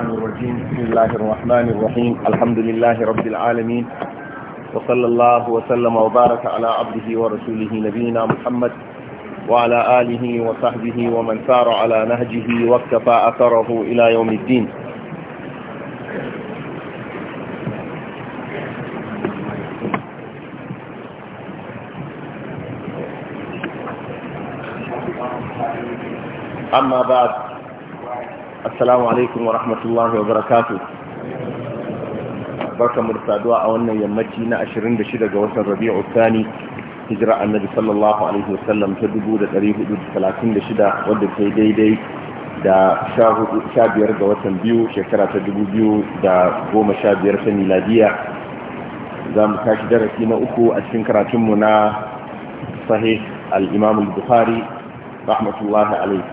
الرحمن الرحيم بسم الله الرحمن الرحيم الحمد لله رب العالمين وصلى الله وسلم وبارك على عبده ورسوله نبينا محمد وعلى آله وصحبه ومن سار على نهجه واكتفى أثره إلى يوم الدين أما بعد assalamu alaikum wa rahmatullahi wa barakatu baka mu a wannan yammaci na 26 ga watan rabi'u thani hijira annabi sallallahu alaihi wasallam ta 1436 wadda ta daidai da 15 ga watan biyu shekara ta 2015 ta miladiya za mu tashi darasi na uku a cikin karatunmu na sahih al-imam al alaihi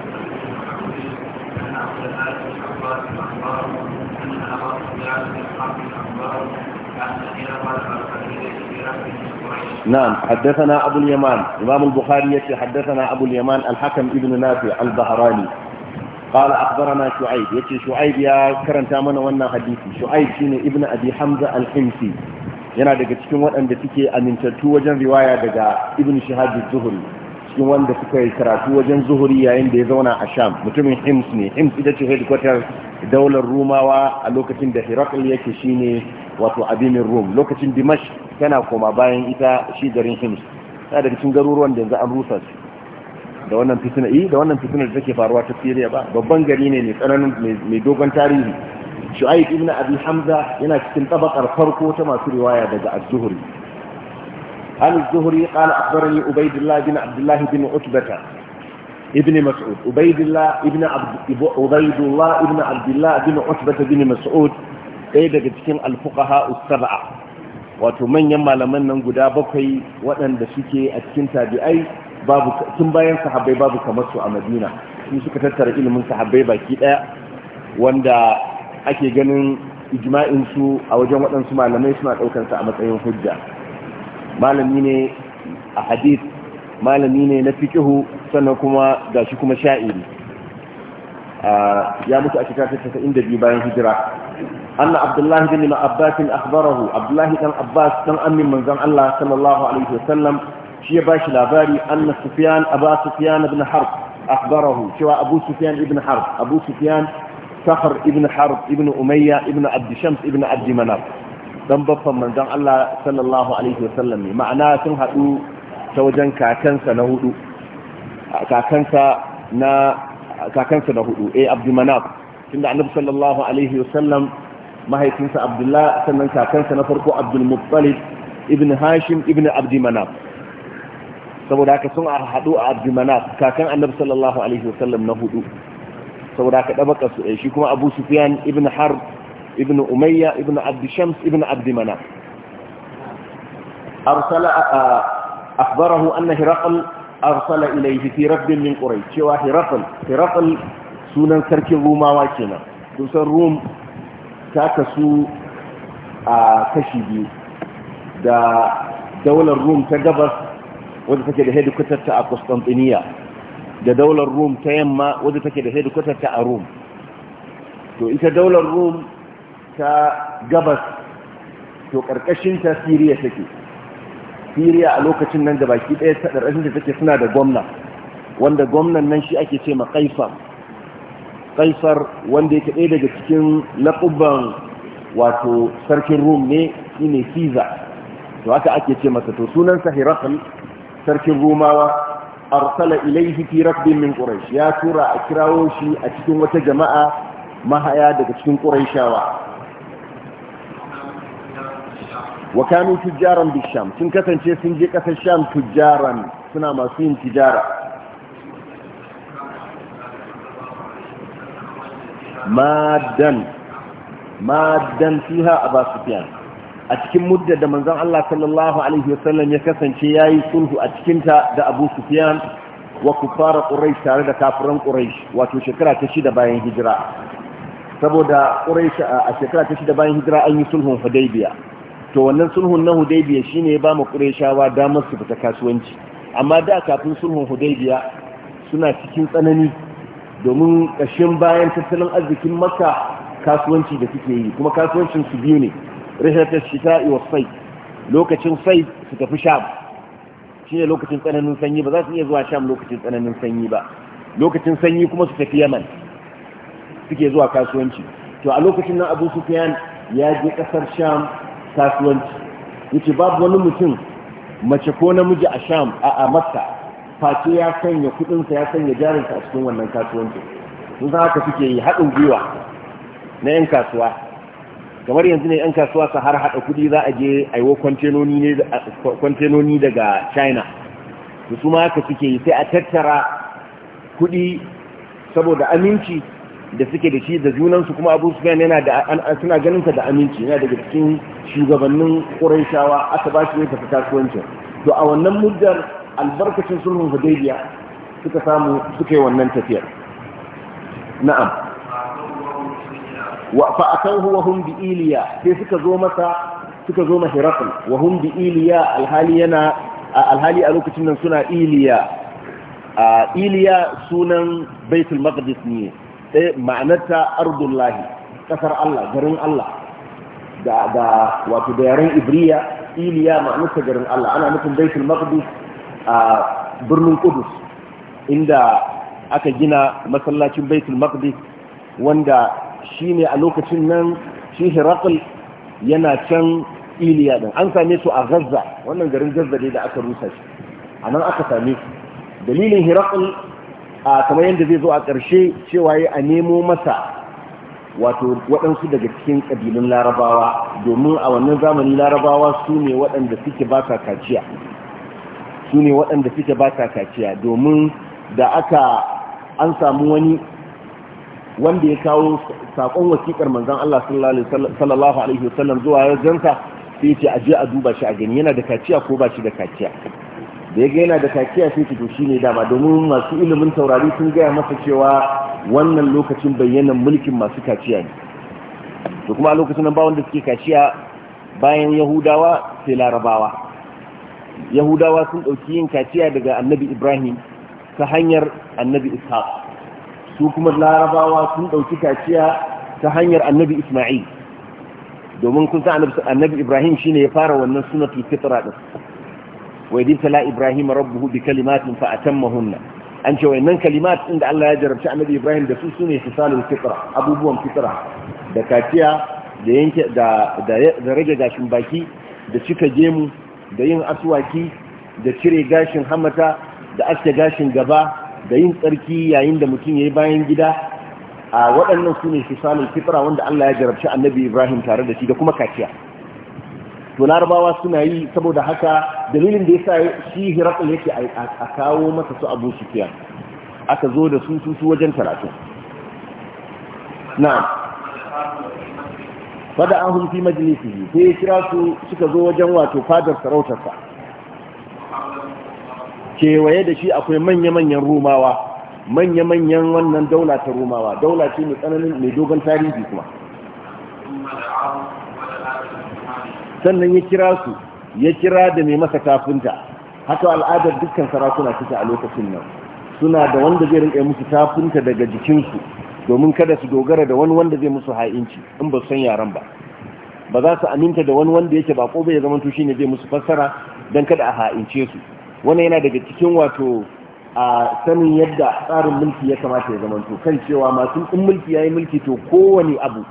أن عبد الله بن عباس أخبار أن أبا سفيان بن حرب أخبار نعم حدثنا أبو اليمان إمام البخاري حدثنا أبو اليمان الحكم ابن نافع البهراني قال أخبرنا شعيب يتي شعيب يا كرن تامنا وانا حديثي شعيب شين ابن أبي حمزة الحمسي yana daga cikin waɗanda suke amintattu wajen riwaya daga ibn shahab az-zuhri cikin wanda suka yi karatu wajen zuhuri yayin da ya zauna a sham mutumin hims ne hims ita ce headquarter daular rumawa a lokacin da herakl yake shine wato abinin rum lokacin dimash tana koma bayan ita shi garin hims ta daga cikin garuruwan da yanzu an rusa su da wannan fitina eh, da wannan fitina da take faruwa ta Syria ba babban gari ne mai tsananin mai dogon tarihi Shu'aib ibn Abi Hamza yana cikin tabakar farko ta masu riwaya daga az عن الزهري قال أخبرني عبيد الله بن عبد الله بن عتبة ابن مسعود عبيد الله ابن عبد عبيد الله ɗaya daga cikin alfuqaha usaba'a wato manyan malaman nan guda bakwai waɗanda suke a cikin tabi'ai babu tun bayan sahabbai babu kamar su a Madina su suka tattara ilimin sahabbai baki ɗaya wanda ake ganin ijma'in su a wajen waɗansu malamai suna ɗaukar sa a matsayin hujja malami ne a hadith malami ne na fikihu sannan kuma shi kuma sha'iri ya mutu a shekara ta inda biyu bayan hijira anna abdullahi bin abbasin akhbarahu abdullahi dan abbas dan amin manzon Allah sallallahu alaihi wasallam shi ya bashi labari anna sufyan abu sufyan ibn harb akhbarahu cewa abu sufyan ibn harb abu sufyan sahr ibn harb ibn umayya ibn abd shams ibn abd manaf dan baffan manzon Allah sallallahu alaihi wasallam ma'ana sun hadu ta wajen kakansa na hudu kakansa na kakansa na hudu eh abdumanaf tunda annabi sallallahu alaihi wasallam mahaifinsa abdullah sannan kakansa na farko abdul ibn hashim ibn abdumanaf saboda haka sun haɗu a abdumanaf kakan annabi sallallahu alaihi wasallam na hudu saboda haka dabaka su eh, shi kuma abu sufyan ibn harb ibn umayya ibn abd shams ibn abd manaf arsala anna hiraqal arsala ilayhi fi rabbin min cewa hiraqal sunan sarkin rumawa kenan kusan rum ta kasu a kashi biyu da daular rum ta gabas wadda take da hedikwatarta a constantiniya da daular rum ta yamma wadda take da hedikwatarta a rum to ita daular rum ta gabas to karkashin ta siriya take siriya a lokacin nan da baki ɗaya ta karkashin ta take suna da gwamna wanda gwamnan nan shi ake ce ma kaifar wanda yake ɗaya daga cikin laƙubban wato sarkin rum ne shine fiza to haka ake ce masa to sunansa hirakal sarkin rumawa arsala ilaihi fi rabbin min quraish ya tura a kirawo shi a cikin wata jama'a mahaya daga cikin quraishawa wa kanu bi bisham sun kasance sun je kasar sham tujjaran suna masu yin tijara madan madan fiha aba a cikin mudda da manzon Allah sallallahu alaihi wasallam ya kasance yayi sulhu a cikin ta da Abu Sufyan wa kufara Quraysh tare da kafiran Quraysh wato shekara ta 6 bayan hijira saboda Quraysh a shekara ta 6 bayan hijira an yi sulhun Hudaybiya to wannan sulhun na hudaibiya shine ya ba mu qurayshawa damar su fita kasuwanci amma da kafin sulhun hudaibiya suna cikin tsanani domin ƙashin bayan tattalin arzikin makka kasuwanci da suke yi kuma kasuwancin su biyu ne shi shita'i wa sai lokacin sai su tafi sham shine lokacin tsananin sanyi ba za su iya zuwa sham lokacin tsananin sanyi ba lokacin sanyi kuma su tafi yaman suke zuwa kasuwanci to a lokacin nan abu sufyan ya je kasar sham kasuwanci yace babu wani mutum mace ko namiji a sham a makka face ya sanya kudinsa ya sanya jarinsa a cikin wannan kasuwanci sun san haka suke yi haɗin gwiwa na 'yan kasuwa kamar yanzu ne 'yan kasuwa su har haɗa kudi za a je a yi kwantenoni daga china su ma haka suke yi sai a tattara kudi saboda aminci da suke da shi da junansu kuma abu su yana da suna ganin sa da aminci yana daga cikin shugabannin ƙuraishawa aka ba shi ne tafi kasuwancin to a wannan muddar albarkacin sulhun hudaybiya suka samu suka yi wannan tafiyar na'am wa fa atawhu wa hum bi iliya sai suka zo masa suka zo mahirafin wa hum bi iliya alhali yana alhali a lokacin nan suna iliya a iliya sunan baitul maqdis ne ɗaya ma'anarta ardullahi ƙasar Allah garin Allah da da wato da yaren ibriya iliya ma'anarta garin Allah ana nufin baitul maqdis a birnin kudus. inda aka gina masallacin baitul maqdis wanda shine a lokacin nan shi Hiraql yana can iliya din an same su a gazza, wannan garin ne da aka rusa shi anan aka same su dalilin Hiraql a kamar yadda zai zo a ƙarshe cewa ya a nemo masa wato waɗansu daga cikin ƙabilun larabawa domin a wannan zamani larabawa su ne waɗanda suke ba ka kaciya su ne waɗanda suke ba ka kaciya domin da aka an samu wani wanda ya kawo saƙon wasiƙar manzan Allah sallallahu alaihi wasallam zuwa ya zanta sai ce a a duba shi a gani yana da kaciya ko ba shi da kaciya da ya ga yana da takiya sai ki to shine dama domin masu ilimin taurari sun gaya masa cewa wannan lokacin bayyanan mulkin masu kaciya ne to kuma a lokacin nan ba wanda suke kaciya bayan yahudawa sai larabawa yahudawa sun ɗauki yin kaciya daga annabi ibrahim ta hanyar annabi ishaq su kuma larabawa sun ɗauki kaciya ta hanyar annabi isma'il domin kun san annabi ibrahim shine ya fara wannan sunatul fitra din wa yadilla ibrahim rabbuhu bi kalimatin fa atammahunna an ce wayannan kalimat din da Allah ya jarabci annabi ibrahim da su sune fisalul fitra abubuwan fitra da kaciya da yanke da da rage gashin baki da cika gemu da yin asuwaki, da cire gashin hamata da aske gashin gaba da yin tsarki yayin da mutum yayi bayan gida a waɗannan su ne fitra wanda Allah ya jarabci annabi Ibrahim tare da shi da kuma kaciya to larabawa suna yi saboda haka dalilin da yasa shi hirakul yake a kawo masa su abu aka zo da su su wajen talatin na'am fada an hulfi majalisi yi, sai ya kira su suka zo wajen wato fadar sarautarsa kewaye da shi akwai manya-manyan rumawa manya-manyan wannan daula ta rumawa daula ce mai tsananin mai dogon tarihi kuma sannan ya kira su ya kira da mai masa tafinta haka al'adar dukkan sarakuna suke a lokacin nan suna da wanda zai rinka musu tafinta daga jikinsu domin kada su dogara da wani wanda zai musu ha'inci in ba san yaran ba ba za su aminta da wani wanda yake bako bai zama tushe ne zai musu fassara dan kada a ha'ince su wannan yana daga cikin wato a sanin yadda tsarin mulki ya kamata ya zama to kan cewa masu in mulki yayi mulki to kowane abu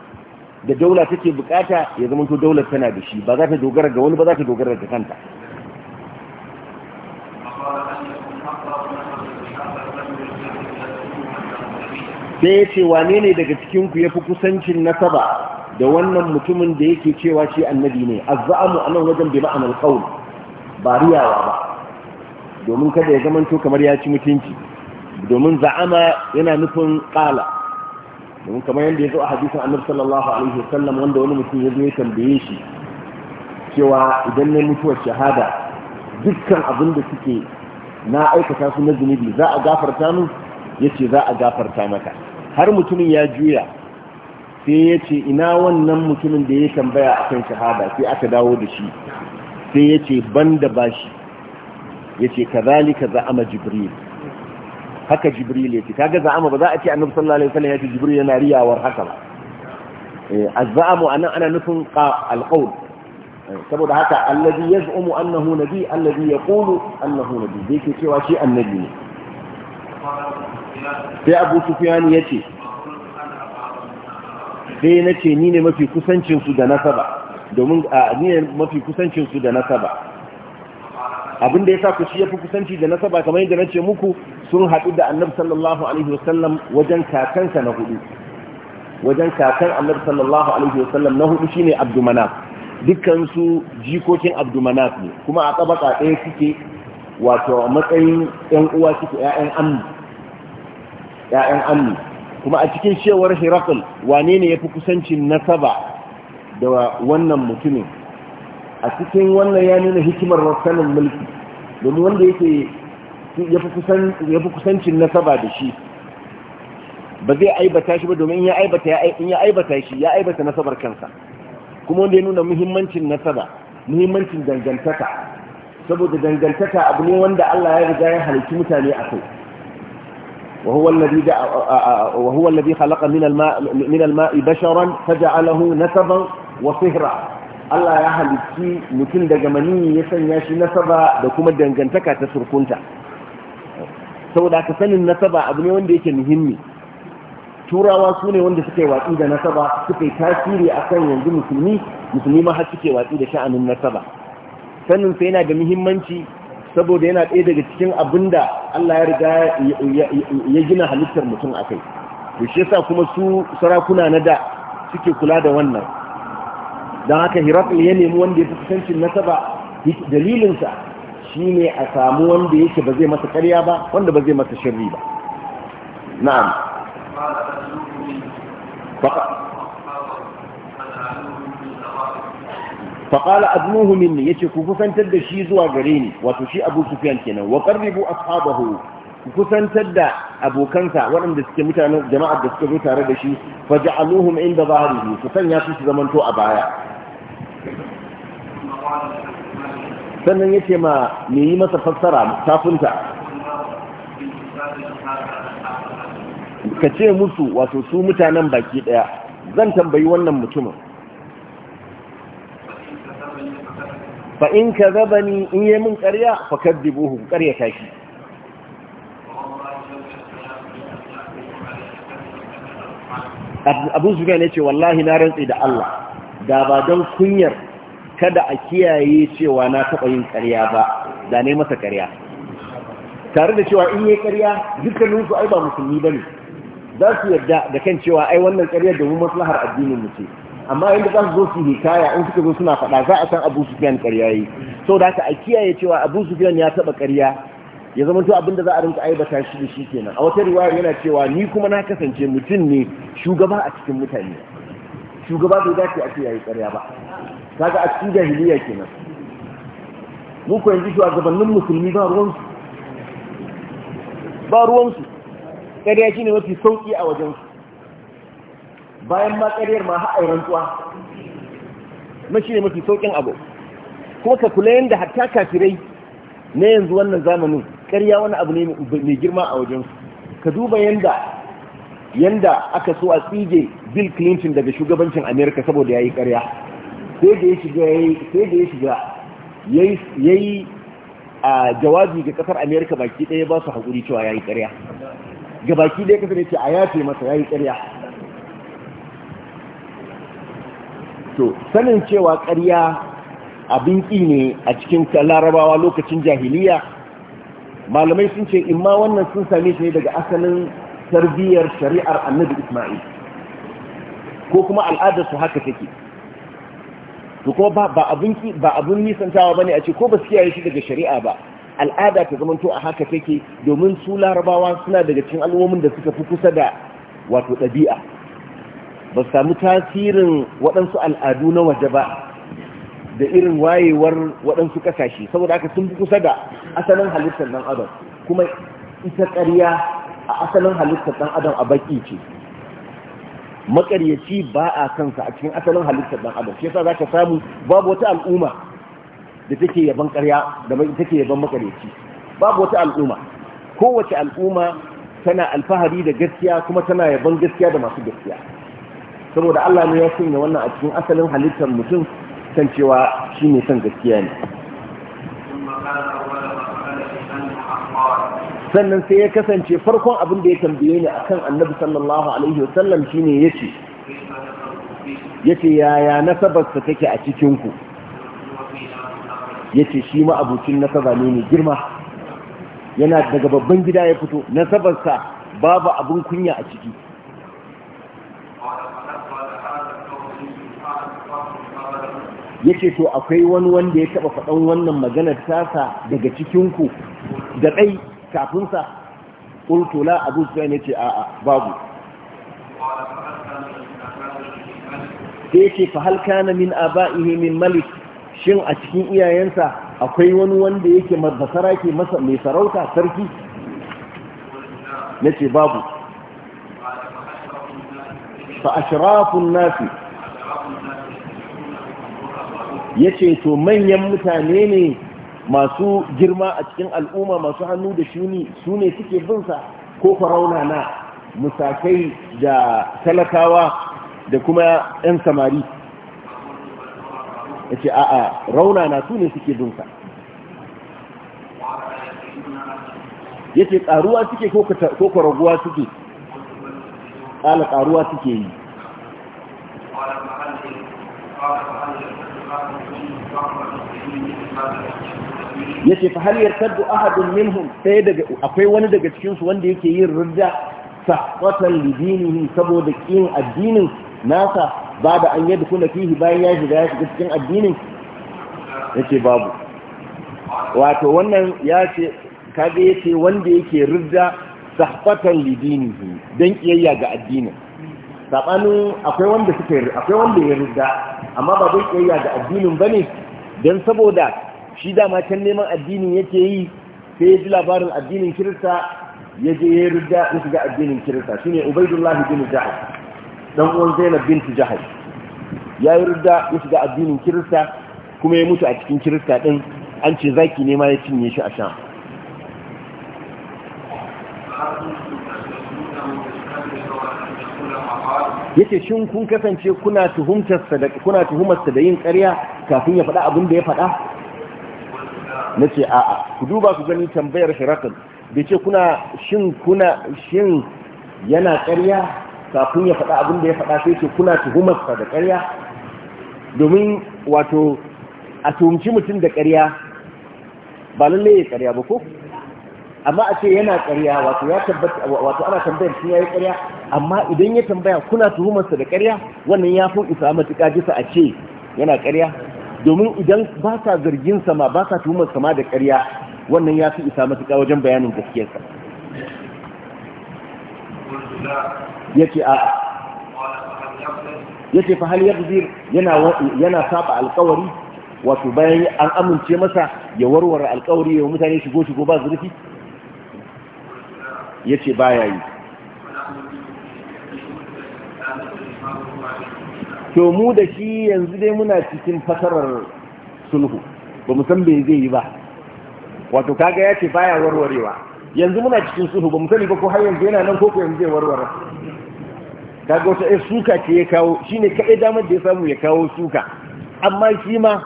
da daula take bukata ya zama to daular tana da shi ba za ta dogara ga wani ba za ta dogara ga kanta sai ya ce wane ne daga cikinku ya fi kusancin nasaba da wannan mutumin da yake cewa shi annabi ne a azza'amu a nan wajen bai ma'anar ƙaun ba riyawa ba domin kada ya zamanto kamar ya ci mutunci domin za'ama yana nufin ƙala domin kamar yadda ya zo a hadisin annabi sallallahu alaihi wanda wani mutum ya zo ya tambaye shi cewa idan na mutuwar shahada dukkan abin da suke na aikata su na zunubi za a gafarta mu yace za a gafarta maka har mutumin ya juya sai ya ce ina wannan mutumin da ya tambaya akan shahada sai aka dawo da shi sai ya ce ban da bashi ya ce kazalika za'ama jibril haka jibril yake kaga za'ama ba za a ce annabi sallallahu alaihi wasallam yake jibril yana riyawar haka ba eh azza'amu anan ana nufin alqaul eh, saboda haka alladhi yaz'umu annahu nabi alladhi yaqulu annahu nabi dai ke cewa shi annabi ne sai abu sufyan yace sai nace ni ne mafi kusancin su da nasaba domin ni ne mafi kusancin su da nasaba abin da yasa ku shi yafi kusanci da nasaba kamar yadda nace muku sun haɗu da annabi sallallahu alaihi wasallam wajen kakansa na hudu wajen kakan annabi sallallahu alaihi wasallam na hudu shine abdumanaf dukkan su jikokin abdumanaf ne kuma a tabaka ɗaya suke wato matsayin ƴan uwa suke ƴaƴan amni ƴaƴan kuma a cikin shewar hirakul wane ne yafi kusancin nasaba da wannan mutumin a cikin wannan ya nuna hikimar sanin mulki domin wanda yake ya fi kusancin nasaba da shi ba zai aibata shi ba domin ya aibata shi ya aibata nasabar kansa kuma wanda ya nuna muhimmancin nasaba muhimmancin dangantaka saboda dangantaka abu ne wanda Allah ya riga ya halitta mutane a kai وهو الذي وهو الذي خلق من الماء من الماء بشرا فجعله نسبا وصهرا Allah ya halicci mutum daga mani ya sanya shi nasaba da kuma dangantaka ta surkunta saboda ka sanin nasaba abu ne wanda yake muhimmi turawa su ne wanda suka yi watsi da nasaba suka yi tasiri a kan yanzu musulmi musulmi ma har suke watsi da sha'anin nasaba sanin sa yana da muhimmanci saboda yana ɗaya daga cikin abin da Allah ya riga ya gina halittar mutum a kai to shi yasa kuma su sarakuna na da suke kula da wannan don haka hirakul ya nemi wanda ya fi kusancin nasaba dalilinsa Shi ne a samu wanda yake ba zai masa karya ba wanda ba zai masa shirri ba na'am faƙala adnuhu minni yace ku kusantar da shi zuwa gare ni wato shi abu sufyan kenan wa qarribu ashabahu ku kusantar da abokansa waɗanda suke mutane jama'ar da suka zo tare da shi faj'aluhum inda zahrihi ku sanya su su zamanto a baya sannan yace ma me yi masa fassara tafinta ka ce musu wato su mutanen baki daya zan tambayi wannan mutumin fa in ni in yi min ƙarya fa buhu ƙarya ta shi abu zuwa ne ce wallahi na rantsi da Allah da ba don kunyar kada a kiyaye cewa na taɓa yin ƙarya ba da ne masa ƙarya tare da cewa in yi ƙarya dukkaninsu ai ba musulmi ba ne za su yarda da kan cewa ai wannan ƙarya domin maslahar addinin mu ce amma inda za su zo su hikaya in suka zo suna faɗa za a san abu sufiyan ƙarya yi sau da haka a kiyaye cewa abu sufiyan ya taɓa ƙarya ya zama to da za a rinka aibata shi da shi kenan a wata riwaya yana cewa ni kuma na kasance mutum ne shugaba a cikin mutane shugaba bai dace a ce yayi ƙarya ba kaga a cikin jahiliya kenan mu ko yanzu gabanin musulmi ba ruwansu ba ruwansu ƙarya shi ne mafi sauƙi a wajensu bayan ma ƙaryar ma haɗa rantsuwa na shi ne mafi sauƙin abu kuma ka kula yadda hatta kafirai na yanzu wannan zamanin ƙarya wani abu ne mai girma a wajensu ka duba yadda yanda aka so a tsige bill clinton daga shugabancin america saboda ya yi ƙarya sai da ya shiga ya shiga yayi a jawabi ga kasar Amerika baki daya ba su hakuri cewa ya yi ƙarya ga baki daya kasar ce a yafe masa yi ƙarya to sanin cewa ƙarya abin ƙi ne a cikin larabawa lokacin jahiliya malamai sun ce in ma wannan sun same shi ne daga asalin tarbiyyar shari'ar annabi ismail ko kuma al'adarsu su haka take to kuma ba abun ba abun nisantawa bane a ce ko ba su kiyaye shi daga shari'a ba al'ada ta zamanto a haka take domin su larabawa suna daga cikin al'ummomin da suka fi kusa da wato ɗabi'a ba samu tasirin waɗansu al'adu na waje ba da irin wayewar waɗansu ƙasashe saboda haka sun fi kusa da asalin halittar ɗan adam kuma ita ƙarya a asalin halittar ɗan adam a baƙi ce makaryaci ba a kansa a cikin asalin halittar dan adam shi yasa zaka samu babu wata al'umma da take yaban ƙarya da take yaban makaryaci babu wata al'umma kowace al'umma tana alfahari da gaskiya kuma tana yaban gaskiya da masu gaskiya saboda Allah ne ya sanya wannan a cikin asalin halittar mutum san cewa shi ne son gaskiya ne sannan sai ya kasance farkon abin da ya tambaye ni akan annabi sallallahu alaihi wasallam shine yace yace yaya sa take a cikin ku yace shi ma abucin nasaba ne ne girma yana daga babban gida ya fito nasabar sa babu abin kunya a ciki yace to akwai wani wanda ya taba faɗan wannan maganar tasa daga cikin ku da ɗai kafin sa qultu la abu sufyan a a babu sai yake fa na min min aba'ihi min malik shin a cikin iyayensa akwai wani wanda yake basara ke masa mai sarauta sarki Na ce babu fa shirafun nasi ce to manyan mutane ne masu girma a cikin al'umma masu hannu da shuni su ne suke sa ko farauna na musakai da talakawa da kuma 'yan samari ya ce a'a rauna na su ne suke sa ya ce ƙaruwa suke ko kwaraguwa suke ƙala ƙaruwa suke yi Thank you. yace fa hal yartaddu ahadun minhum sai daga akwai wani daga cikinsu wanda yake yin ridda sahwatan lidinihi saboda kin addinin nasa ba da an yadda kuna fihi bayan ya shiga ya shiga cikin addinin ce babu wato wannan ya ce kaga ce wanda yake ridda sahwatan lidinihi don kiyayya ga addinin sabanin akwai wanda suka akwai wanda ya ridda amma ba don kiyayya ga addinin bane don saboda shi dama can neman addini yake yi sai ya ji labarin addinin kirista ya je ya rudda ya shiga addinin kirista Shi ne ubaidullah bin jahal dan uwan zainab bint Jihar, ya yi rudda ya shiga addinin kirista kuma ya mutu a cikin kirista din an ce zaki nema ya cinye shi a sha yace shin kun kasance kuna tuhumar da da yin ƙarya kafin ya faɗa abin da ya faɗa na ce a'a ku duba ku gani tambayar shirakun da ce kuna shin kuna shin yana karya kafin ya faɗa abin da ya faɗa sai ce kuna tuhumarsa da karya domin wato a tuhumci mutum da karya ba lalle ya karya ba ko amma a ce yana karya wato ya tabbata wato ana tambayar shi yayi karya amma idan ya tambaya kuna tuhumarsa da karya wannan ya fi isa matuƙa jisa a ce yana karya domin idan ba ka zargin sama ba ka tuhumar sama da ƙarya wannan ya fi isa matuƙa wajen bayanin gaskiyarsa ya ce a ya ce yana saba alƙawari wato bayan an amince masa ya warware alƙawari ya mutane shigo shigo ba zurfi ya ce baya yi to mu da shi yanzu dai muna cikin fasarar sulhu ba mu san bai zai yi ba wato kaga ya ce baya warwarewa yanzu muna cikin sulhu ba mu sani ba ko har yanzu yana nan ko ko yanzu zai warware kaga wata ɗaya suka ce ya kawo shine kaɗai damar da ya samu ya kawo suka amma shi ma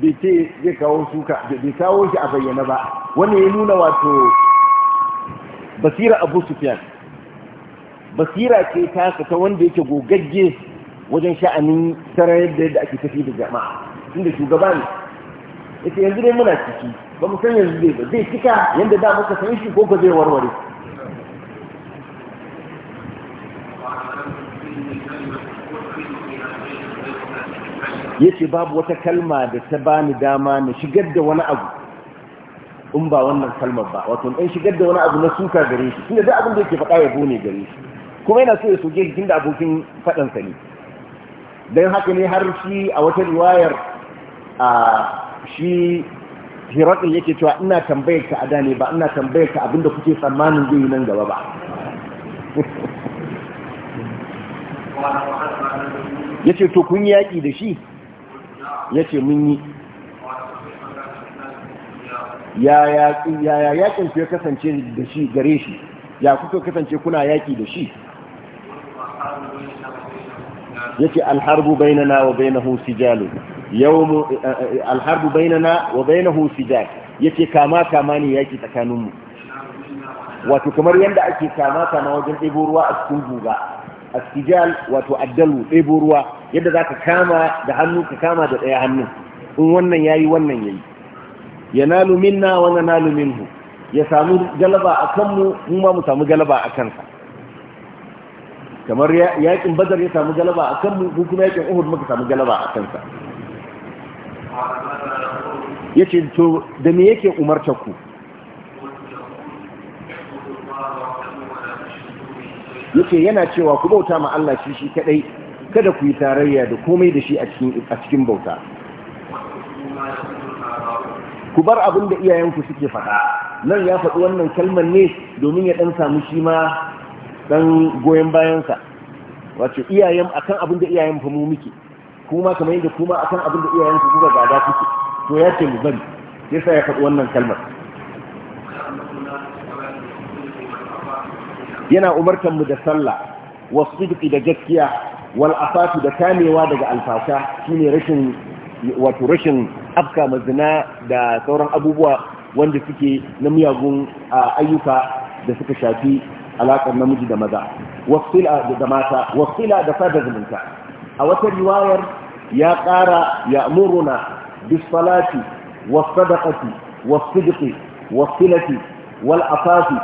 bai ce zai kawo suka bai kawo shi a bayyana ba wani ya nuna wato basira abu sufyan basira ce ta ta wanda yake gogagge wajen sha'anin sarayar da yadda ake tafi da jama'a inda shugaba ne yace yanzu dai muna ciki ba mu san yanzu dai ba zai cika yadda da muka san shi ko ba zai warware yace babu wata kalma da ta bani dama na shigar da wani abu in ba wannan kalmar ba wato in shigar da wani abu na suka gare shi tunda duk abin da yake faɗa ya ne gare shi kuma yana so ya soke jikin da abokin faɗansa ne don haka ne har shi a wata riwayar a shi hiratun yake cewa ina tambayar ka ada ne ba ina tambayar ka abinda kuke tsammanin zai yi nan gaba ba ya ce to kun yaƙi da shi ya ce mun yi yaya yaƙin ku ya kasance da shi gare shi ya kuka kasance kuna yaƙi da shi yake alharbu bainana wa bainahu sijalu yawmu alharbu bainana wa bainahu sijal yake kama kama ne yake tsakanin mu wato kamar yanda ake kama kama wajen ɗebo ruwa a cikin guga asijal wato addalu ɗebo ruwa yadda zaka kama da hannu ka kama da ɗaya hannun in wannan yayi wannan yayi yanalu minna wa nanalu minhu ya samu galaba akan mu mu ma mu samu galaba akan sa kamar yakin bazar ya samu galaba a kan mu kuma yakin uhud muka samu galaba a kansa ya ce to da me yake umarta ku ce yana cewa ku bauta ma Allah shi shi kadai kada ku yi tarayya da komai da shi a cikin bauta ku bar abin da iyayenku suke faɗa nan ya faɗi wannan kalmar ne domin ya ɗan samu shi ma dan goyon bayansa wato iyayen akan abin da iyayen fa mu muke kuma kamar yadda kuma akan abin da iyayen ku kuka gada kuke to ya ce mu bari yasa ya faɗi wannan kalmar yana umartan mu da sallah wa sidqi da gaskiya wal afatu da kamewa daga alfasha shine rashin wato rashin afka mazina da sauran abubuwa wanda suke na miyagun ayyuka da suka shafi alaƙar namiji da maza wasila da mata wasila da sada zumunta a wata riwayar ya ƙara ya muruna bisalati wasadaqati wasidqi wasilati wal afafi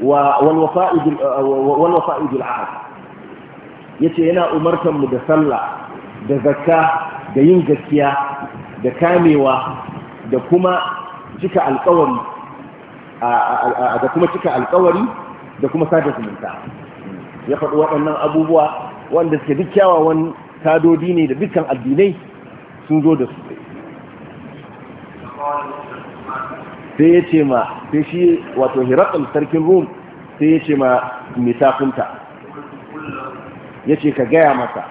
wal wafa'i bil ahad yace yana umartar mu da sallah da zakka da yin gaskiya da kamewa da kuma cika alƙawari da kuma cika alƙawari da kuma sada zumunta ya faɗi waɗannan abubuwa wanda suke duk kyawawan tadodi ne da dukkan addinai sun zo da su sai ya ce ma sai shi wato hirakul sarkin rum sai ya ce ma mitafinta ya ce ka gaya masa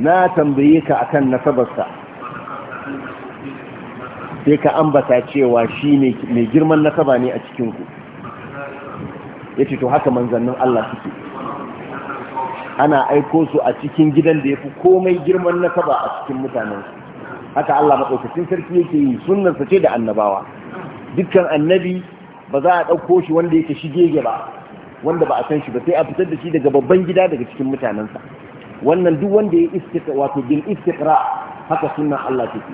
na tambaye ka akan nasabarsa sai ka ambata cewa shi mai girman nasaba ne a cikinku ce to haka manzannin Allah suke ana aiko su a cikin gidan da ya fi komai girman na saba a cikin mutanen su haka Allah madaukakin sarki yake yi sunansa ce da annabawa dukkan annabi ba za a ɗauko shi wanda yake shigege ba wanda ba a san shi ba sai a fitar da shi daga babban gida daga cikin mutanen sa wannan duk wanda ya istiqa wato bil istiqra haka sunan Allah take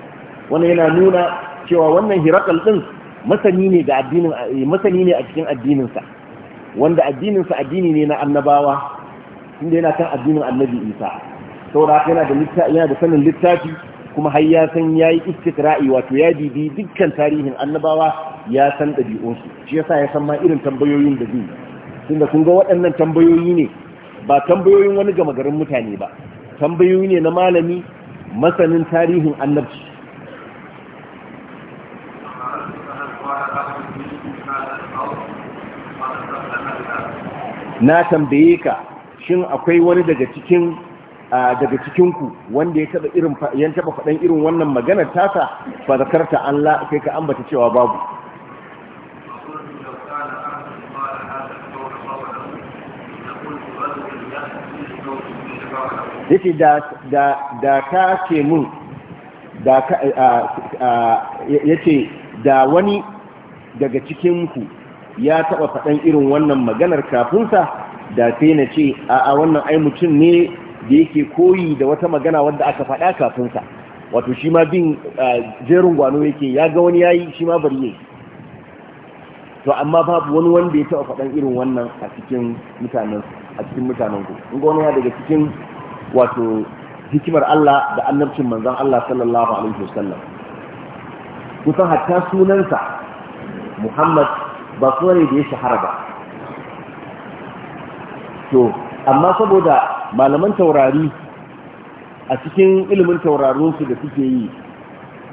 wannan yana nuna cewa wannan hirakal din masani ne masani ne a cikin addinin sa wanda addininsa addini ne na annabawa inda yana kan addinin annabi isa saboda yana da yana da sanin littafi kuma har ya san yayi istiqra'i wato ya bibi dukkan tarihin annabawa ya san ɗabi'unsu shi yasa ya san ma irin tambayoyin da zai tunda kun ga waɗannan tambayoyi ne ba tambayoyin wani gama garin mutane ba tambayoyi ne na malami masanin tarihin annabci na tambaye ka shin akwai wani daga cikin daga cikinku wanda ya taba irin ya taba faɗan irin wannan maganar tasa fa zakarta Allah kai ka ambata cewa babu yake da da da ka ce mun da ka yace da wani daga cikinku ya taba faɗan irin wannan maganar kafinsa da sai na ce a wannan ai mutum ne da yake koyi da wata magana wadda aka faɗa kafinsa wato shi ma bin jerin gwano yake ya ga wani yayi shi ma bari ne to amma babu wani wanda ya taba faɗan irin wannan a cikin mutanen a cikin mutanen ku in ga wani ya daga cikin wato hikimar Allah da annabcin manzon Allah sallallahu alaihi wasallam kusan hatta sunansa Muhammad ba su ne da ya shahara ba to amma saboda malaman taurari a cikin ilimin taurarinsu da suke yi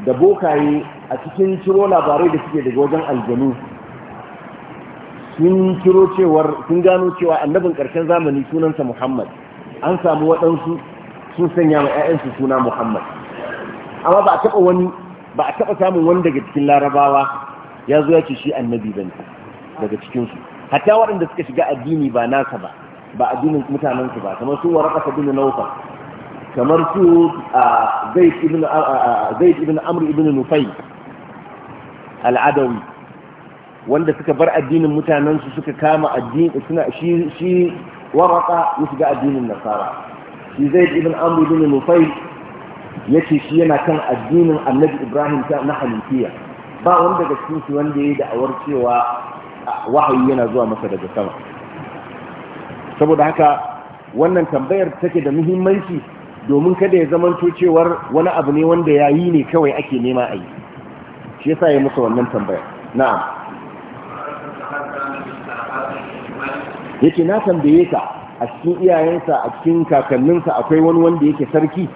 da bokaye a cikin ciro labarai da suke daga wajen aljanu sun ciro cewar sun gano cewa annabin ƙarshen zamani sunansa muhammad an samu waɗansu sun sanya wa 'ya'yansu suna muhammad amma ba a taɓa wani ba a taɓa samun wani daga cikin larabawa ya zo ya ce shi annabi bane daga cikinsu. su hatta waɗanda suka shiga addini ba nasa ba ba addinin mutanensu ba kamar su warqata bin nawfa kamar su zaid ibn zaid ibn amr ibn nufay al-adawi wanda suka bar addinin mutanensu suka kama addini suna shi shi warqa ya shiga addinin nasara shi zaid ibn amr ibn nufay yace shi yana kan addinin annabi ibrahim na hanifiya ba wanda daga cikin su wanda yi da'awar cewa wahayi yana zuwa masa daga sama saboda haka wannan tambayar take da muhimmanci domin kada ya zamanto cewar wani abu ne wanda ya yi ne kawai ake nema a yi shi yasa ya musu wannan tambayar na'am yake na tambaye ka a cikin iyayensa a cikin kakanninsa akwai wani wanda yake sarki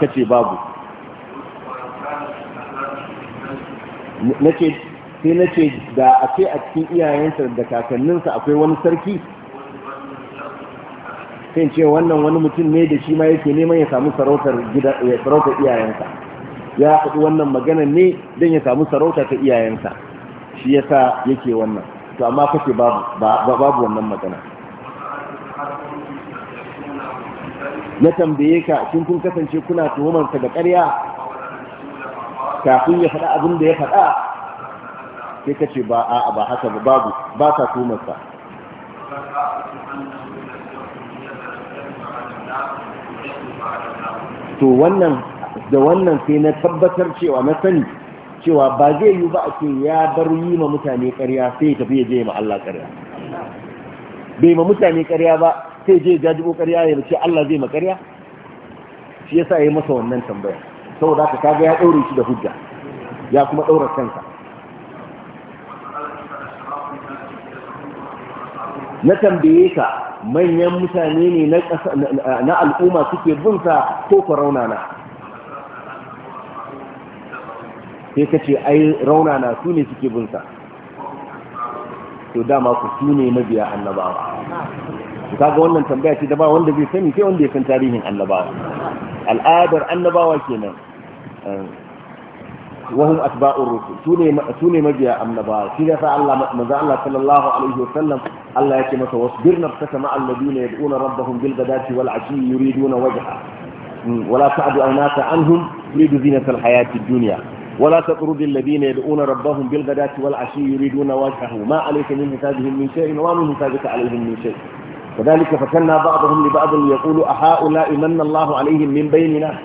kace babu sai sai nace da a ce a cikin iyayensa da kakanninsa akwai wani sarki sai ce wannan wani mutum ne da shi ma yake neman ya samu sarautar iyayensa ya faɗi wannan magana ne don ya samu sarauta ta iyayensa shi ya sa yake wannan to amma kake babu wannan magana na tambaye ka kun kasance kuna tuhumarsa da ƙarya kafin ya faɗa abin da ya faɗa sai ka ce ba a ba haka ba babu ba ka tumarsa to wannan da wannan sai na tabbatar cewa na sani cewa ba zai yi ba a ce ya bar yi ma mutane karya sai tafi ya je ma Allah karya bai ma mutane karya ba sai je jajibo karya ya ce Allah zai ma karya shi yasa ya masa wannan tambaya saboda ka kaga ya daure shi da hujja ya kuma daura kansa na tambaye ka manyan mutane ne na al'umma suke bin sa ko ku na sai kace ce ai raunana su ne suke bin sa to dama ku su ne mabiya annabawa su kaga wannan tambaya ce da ba wanda bai sani sai wanda ya san tarihin annabawa al'adar annabawa kenan وهم أتباع الرسل سوني سوني مجيء النبار سيدة فالله مزع الله صلى الله عليه وسلم الله يكما واصبر نفسك مع الذين يدعون ربهم بالغداة والعشي يريدون وجهه ولا تعد أعناك عنهم تريد زينة الحياة الدنيا ولا تطرد الذين يدعون ربهم بالغداة والعشي يريدون وجهه ما عليك من حسابهم من شيء وما من حسابك عليهم من شيء كذلك فكنا بعضهم لبعض يقول أهؤلاء من الله عليهم من بيننا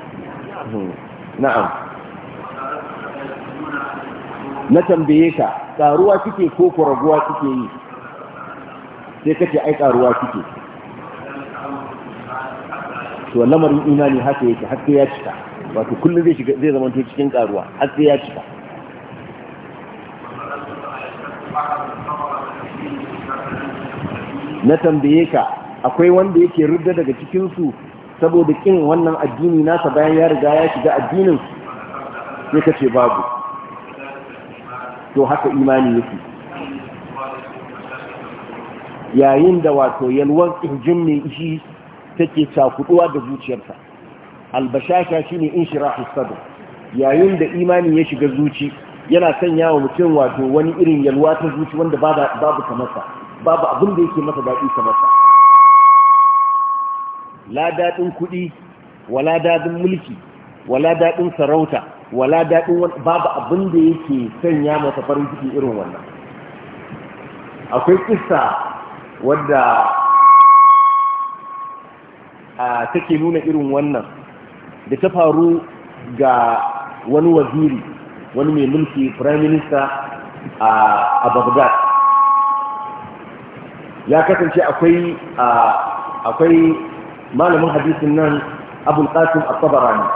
نعم نتنبيك كاروا كتي كوك رجوا كتي سيكتي أي كاروا كتي to lamarin imani haka yake har sai ya cika wato kullum zai shiga zai zama cikin karuwa har sai ya cika na tambaye ka akwai wanda yake rudda daga cikinsu saboda kin wannan addini nasa bayan ya riga ya shiga addinin sai ka ce babu to haka imani yake yayin da wato yalwar ƙirjin mai ishi take cakuduwa da zuciyarsa albashasha shine inshirahus sadr yayin da imani ya shiga zuci yana sanya wa mutum wato wani irin yalwa ta zuci wanda babu kamarsa babu abin da yake masa daɗi kamar sa la daɗin kuɗi wala daɗin mulki wala daɗin sarauta wala daɗin babu abin da yake sanya masa farin ciki irin wannan akwai kissa wadda a take nuna irin wannan da ta faru ga wani waziri wani mai mulki prime minister a Baghdad ya kasance akwai akwai malamin hadisin nan abul qasim at-tabarani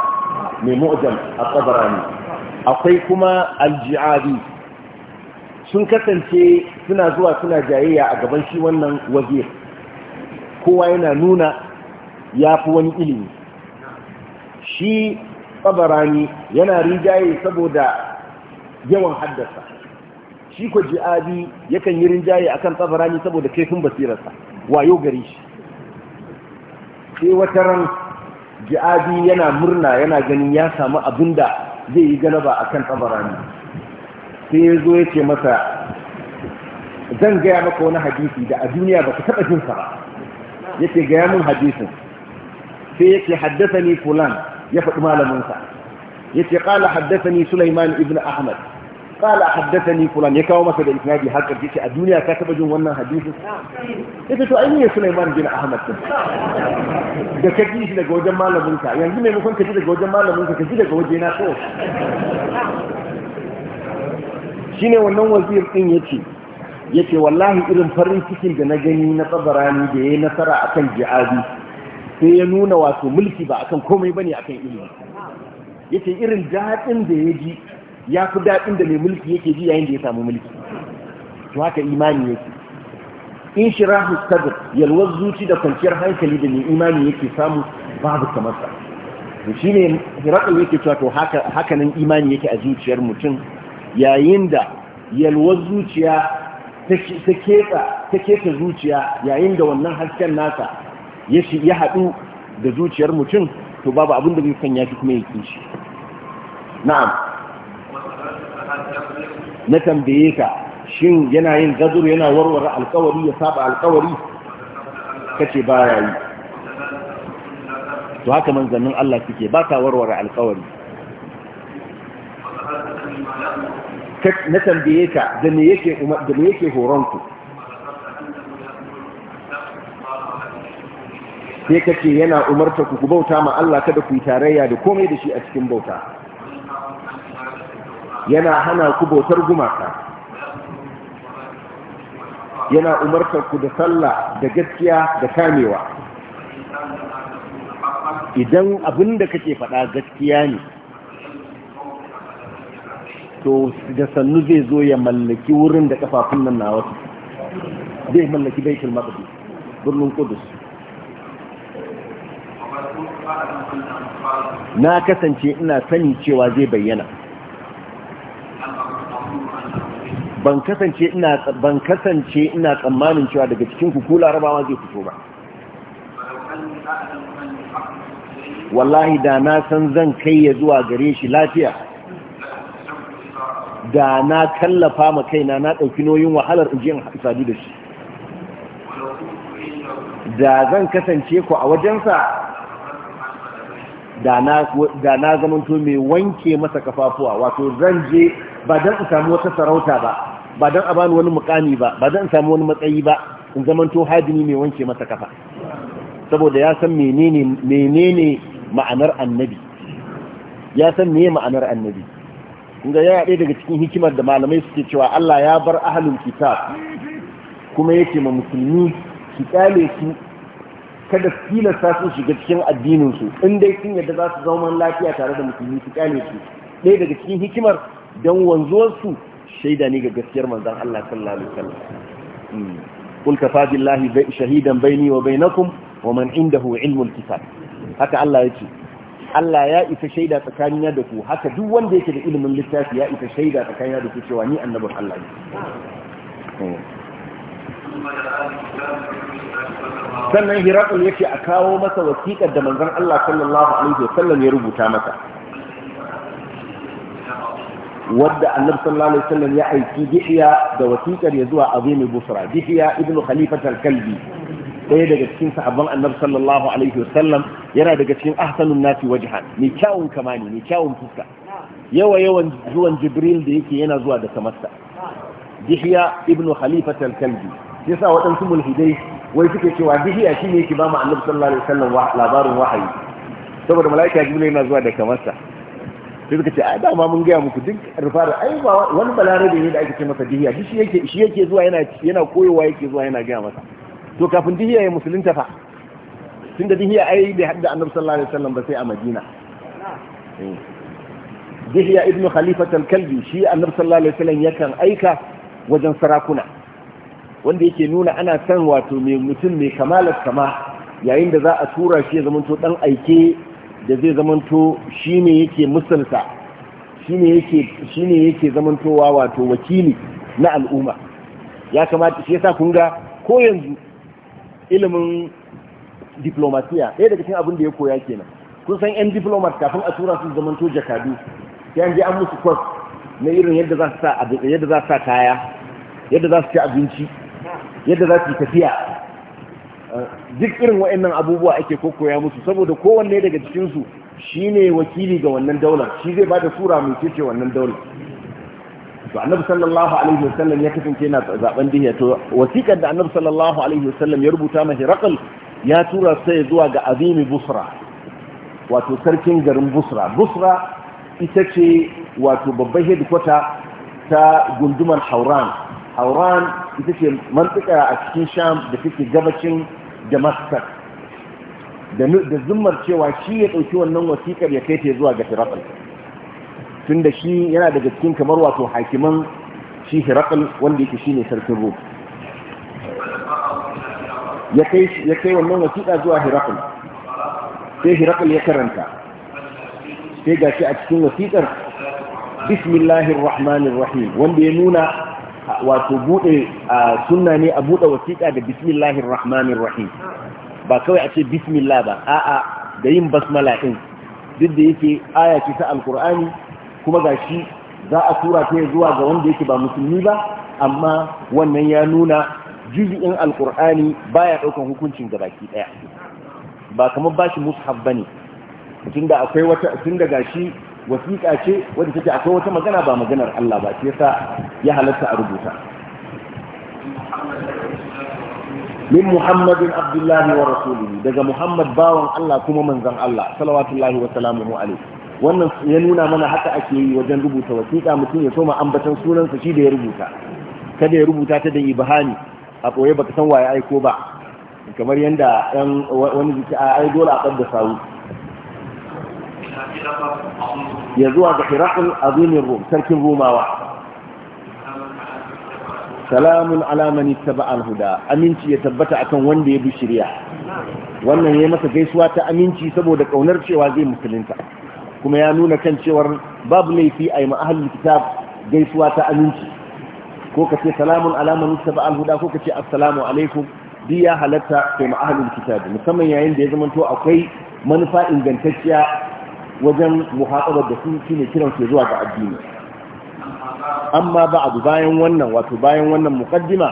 mai mu'jam at-tabarani akwai kuma al-ji'abi sun kasance suna zuwa suna jayayya a gaban shi wannan wazir kowa yana nuna ya fi wani ilimi shi tsabarani yana rijaye saboda yawan haddasa shi ko yakan yi rinjaye akan tsabarani saboda kaifin basirarsa wayo gari shi sai wata ran jihadi yana murna yana ganin ya samu abin da zai yi galaba akan tsabarani sai ya zo ya ce masa zan gaya maka wani hadisi da a duniya ba taba taɓa jin sa ba ce gaya min hadisin sai haddasa ni fulan ya faɗi malamin sa yace haddasa ni Sulaiman ibn Ahmad قال حدثني فلان يكاو مثلا إسنادي حقا جيت الدنيا كتب جون وانا حديث يتتو أيني سليمان بن أحمد da ka ji shi daga wajen malaminka yanzu mai mukon ka ji daga wajen malaminka ka ji daga waje na so shine wannan wazir din yace yace wallahi irin farin cikin da na gani na tsabarani da yayi nasara akan jihadi sai ya nuna wato mulki ba akan komai bane akan ilimi yace irin daɗin da ya ji ya fi daɗin da mai mulki yake ji yayin da ya samu mulki to haka imani yake in shirahu sadr yalwar zuci da kwanciyar hankali da mai imani yake samu babu kamar sa to shine hirakul yake cewa to haka haka nan imani yake a zuciyar mutum yayin da yalwar zuciya ta keta zuciya yayin da wannan hasken nasa ya ya haɗu da zuciyar mutum to babu abin da zai sanya shi kuma ya kishi na'am na tambaye ka shin yana yin gazuru yana warware alkawari ya saba alkawari kace ba ya yi to haka manzannin Allah suke ba ta warware alkawari na tambaye ka da me yake da me yake horonku sai kace yana umarta ku bauta ma Allah kada ku yi tarayya da komai da shi a cikin bauta yana hana ku bautar gumaka yana umarta ku da sallah da gaskiya da kamewa idan abin da kake faɗa gaskiya ne to da sannu zai zo ya mallaki wurin da kafafun nan na wasu zai mallaki baitul maqdis birnin Kudus. na kasance ina sani cewa zai bayyana ban kasance ina ban kasance ina tsammanin cewa daga cikin ku kula rabawa zai fito ba wallahi da na san zan kai ya zuwa gare shi lafiya da na kallafa ma kaina na ɗauki noyin wahalar in je in sadu da shi da zan kasance ku a wajensa da na zamanto mai wanke masa kafafuwa wato zan je ba don in samu wata sarauta ba ba don a bani wani mukami ba ba don in samu wani matsayi ba in zamanto hadini mai wanke masa kafa saboda ya san menene ma'anar annabi ya san meye ma'anar annabi inda ya yaɗe daga cikin hikimar da malamai suke cewa Allah ya bar ahalin kitab kuma ya ce ma musulmi su kyale su kada su tilasta su shiga cikin addininsu in dai sun yadda za su zama lafiya tare da musulmi su kyale su ɗaya daga cikin hikimar don wanzuwarsu shaida ne ga gaskiyar manzan Allah sallallahu alaihi wasallam kul hmm. kafa billahi shahidan baini wa bainakum wa man indahu ilmul kitab haka Allah ya ce. Allah ya isa shaida tsakanina da ku haka duk wanda yake da ilimin littafi ya isa shaida tsakanina da ku cewa ni annabin Allah ne hmm. sannan ya yake a kawo masa wasiƙar da manzan Allah sallallahu alaihi wasallam ya rubuta masa wadda annabi sallallahu alaihi wasallam ya aiki dihiya da wasiƙar ya zuwa azimi busra dihiya ibnu khalifat al-kalbi ɗaya daga cikin sahabban annabi sallallahu alaihi wasallam yana daga cikin ahsanun nasi wajhan ni kyawun kamani ni kyawun fuska yawa yawan zuwan jibril da yake yana zuwa da samarsa dihiya ibnu khalifat al-kalbi yasa waɗansu mulhidai wai suke cewa dihiya shine yake ba mu annabi sallallahu alaihi wasallam labarin wahayi saboda mala'ika jibril yana zuwa da kamarsa sai suka ce a dama mun gaya muku duk rufara ai ba wani balarabe ne da ake ce masa dihiya shi yake shi yake zuwa yana yana koyowa yake zuwa yana gaya masa to kafin dihiya ya musulunta fa tunda dihiya ai da hadda annabi sallallahu alaihi wasallam ba sai a madina eh. dihiya ibn khalifat al-kalbi shi annabi sallallahu alaihi wasallam yakan aika wajen sarakuna wanda yake nuna ana san wato mai mutum mai kamalar kama yayin da za a tura shi ya to dan aike da zai zamanto shi ne yake musulta shi ne yake zamantowa wato wakili na al'umma ya kamata shi yasa kun ga ko yanzu ilimin diplomasiya ɗaya daga cikin abin da ya koya kenan kun san yan diplomat kafin a tura su zamanto jakadu sai an je an musu kwas na irin yadda za su sa kaya yadda za su ci abinci yadda za su yi tafiya duk irin wa'annan abubuwa ake kokoya musu saboda kowanne daga cikinsu shi ne wakili ga wannan daular shi zai bada sura mai cece wannan daular to annabi sallallahu alaihi wasallam ya kasance yana zaben dihiya to wasiƙar da annabi sallallahu alaihi wasallam ya rubuta mashi raqal ya tura sai zuwa ga azimi busra wato sarkin garin busra busra ita ce wato babban headquarter ta gundumar hauran hauran ita ce mantuka a cikin sham da take gabacin damascus da zummar cewa shi ya ɗauki wannan wasiƙar ya kai ta zuwa ga hirakul tun da shi yana daga cikin kamar wato hakiman shi hirakul wanda yake shi ne sarkin rum ya kai wannan wasiƙa zuwa hirakul sai hirakul ya karanta sai ga shi a cikin wasiƙar bismillahir rahmanir rahim wanda ya nuna wato bude sunna ne a bude wasiƙa da bismillahir rahmanir rahim ba kawai a ce bismillah ba a'a da yin basmala din duk da yake aya ce ta alqur'ani kuma gashi za a tura ta zuwa ga wanda yake ba musulmi ba amma wannan ya nuna juz'in alqur'ani baya daukan hukuncin gabaki daya ba kamar bashi mushaf bane tunda akwai wata tunda gashi wasiƙa ce wadda take akwai wata magana ba maganar Allah ba shi sa ya halatta a rubuta min muhammadin abdullahi wa rasulihi daga muhammad bawan Allah kuma manzon Allah salawatullahi wa salamuhu alaihi wannan ya nuna mana haka ake yi wajen rubuta wasiƙa mutum ya soma ambatan sunansa shi da ya rubuta kada ya rubuta ta da ibhani a ɓoye baka san waye aiko ba kamar yanda wani jiki a ai dole a ƙadda sawu ya zuwa ga hirakul azimin rum sarkin rumawa salamun alamani taba alhuda aminci ya tabbata akan wanda ya bi shirya wannan ya masa gaisuwa ta aminci saboda kaunar cewa zai musulunta kuma ya nuna kan cewar babu laifi a yi ma'ahalin kitab gaisuwa ta aminci ko ka ce salamun alamani taba alhuda ko ka ce assalamu alaikum duk ya halatta kai ma'ahalin kitab musamman yayin da ya zamanto akwai manufa ingantacciya wajen muhaɗar da su shi kiran su zuwa ga addini amma ba ba'du bayan wannan wato bayan wannan mukaddima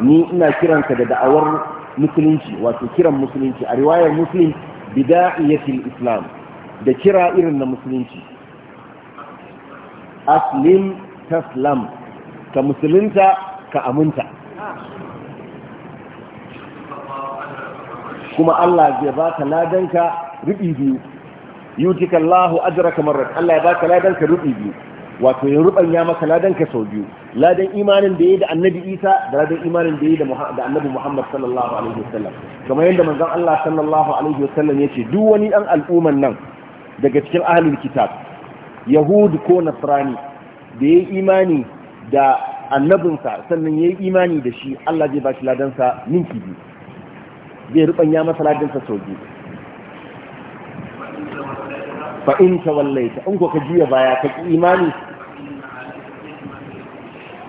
ni ina kiranka da da'awar musulunci wato kiran musulunci a riwayar muslim bida'iyatil islam da kira irin na musulunci aslim taslam ka musulunta ka aminta kuma Allah zai baka ladanka rubi biyu yutika Allahu ajraka marrat Allah ya baka ladanka rubi biyu wato ya rubanya maka ladanka sau biyu ladan imanin da yayi da Annabi Isa da ladan imanin da yayi da Annabi Muhammad sallallahu alaihi wasallam kamar yadda manzon Allah sallallahu alaihi wasallam yace duk wani dan al'umman nan daga cikin ahlul kitab yahud ko nasrani da yayi imani da annabinsa sannan yayi imani da shi Allah zai ba shi ladansa ninki biyu zai rubanya masa ladinsa sau biyu fa in in ka jiya baya ka imani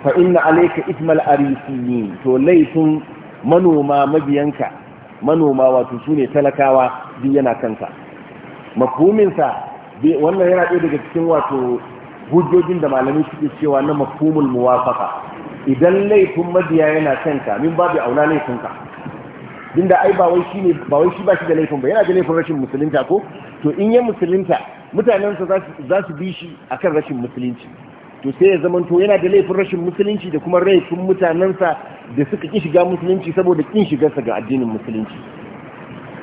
fa alaika alayka ithmal arisiyin to laifin manoma mabiyanka manoma wato sune talakawa bi yana kanka Mafuminsa sa wannan yana ɗaya daga cikin wato hujjojin da malami suke cewa na mafumul muwafaqa idan laifin mabiya yana kanka min babu auna laifinka dinda da ai ba wai shi ne ba wai shi ba shi da laifin ba yana da laifin rashin musulunta ko to in ya musulunta mutanensa za su bi shi akan rashin musulunci to sai ya to yana da laifin rashin musulunci da kuma laifin sa da suka ƙi shiga musulunci saboda ƙin shigarsa ga addinin musulunci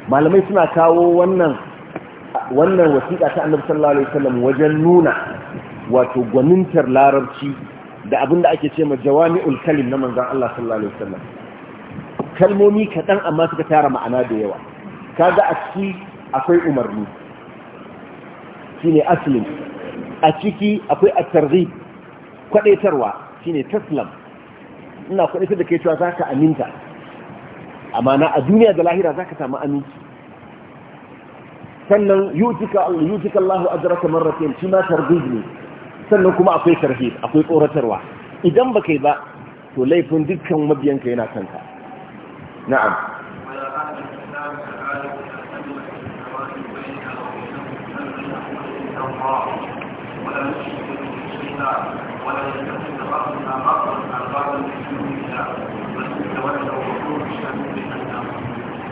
malamai suna kawo wannan wannan wasiƙa ta annabi sallallahu alaihi wasallam wajen nuna wato gwanintar larabci da abinda ake ce ma jawami'ul kalim na manzon Allah sallallahu alaihi wasallam kalmomi kaɗan amma suka tara ma'ana da yawa kaga a ciki akwai umarni shine aslim a ciki akwai at-targhib kwadaitarwa shine taslam ina kwadaitar da kai cewa zaka aminta amana a duniya da lahira zaka samu aminci sannan yutika yutika Allahu ajraka marratayn shi ma targhib ne sannan kuma akwai tarhib akwai tsoratarwa idan ba yi ba to laifin dukkan mabiyanka yana kanka نعم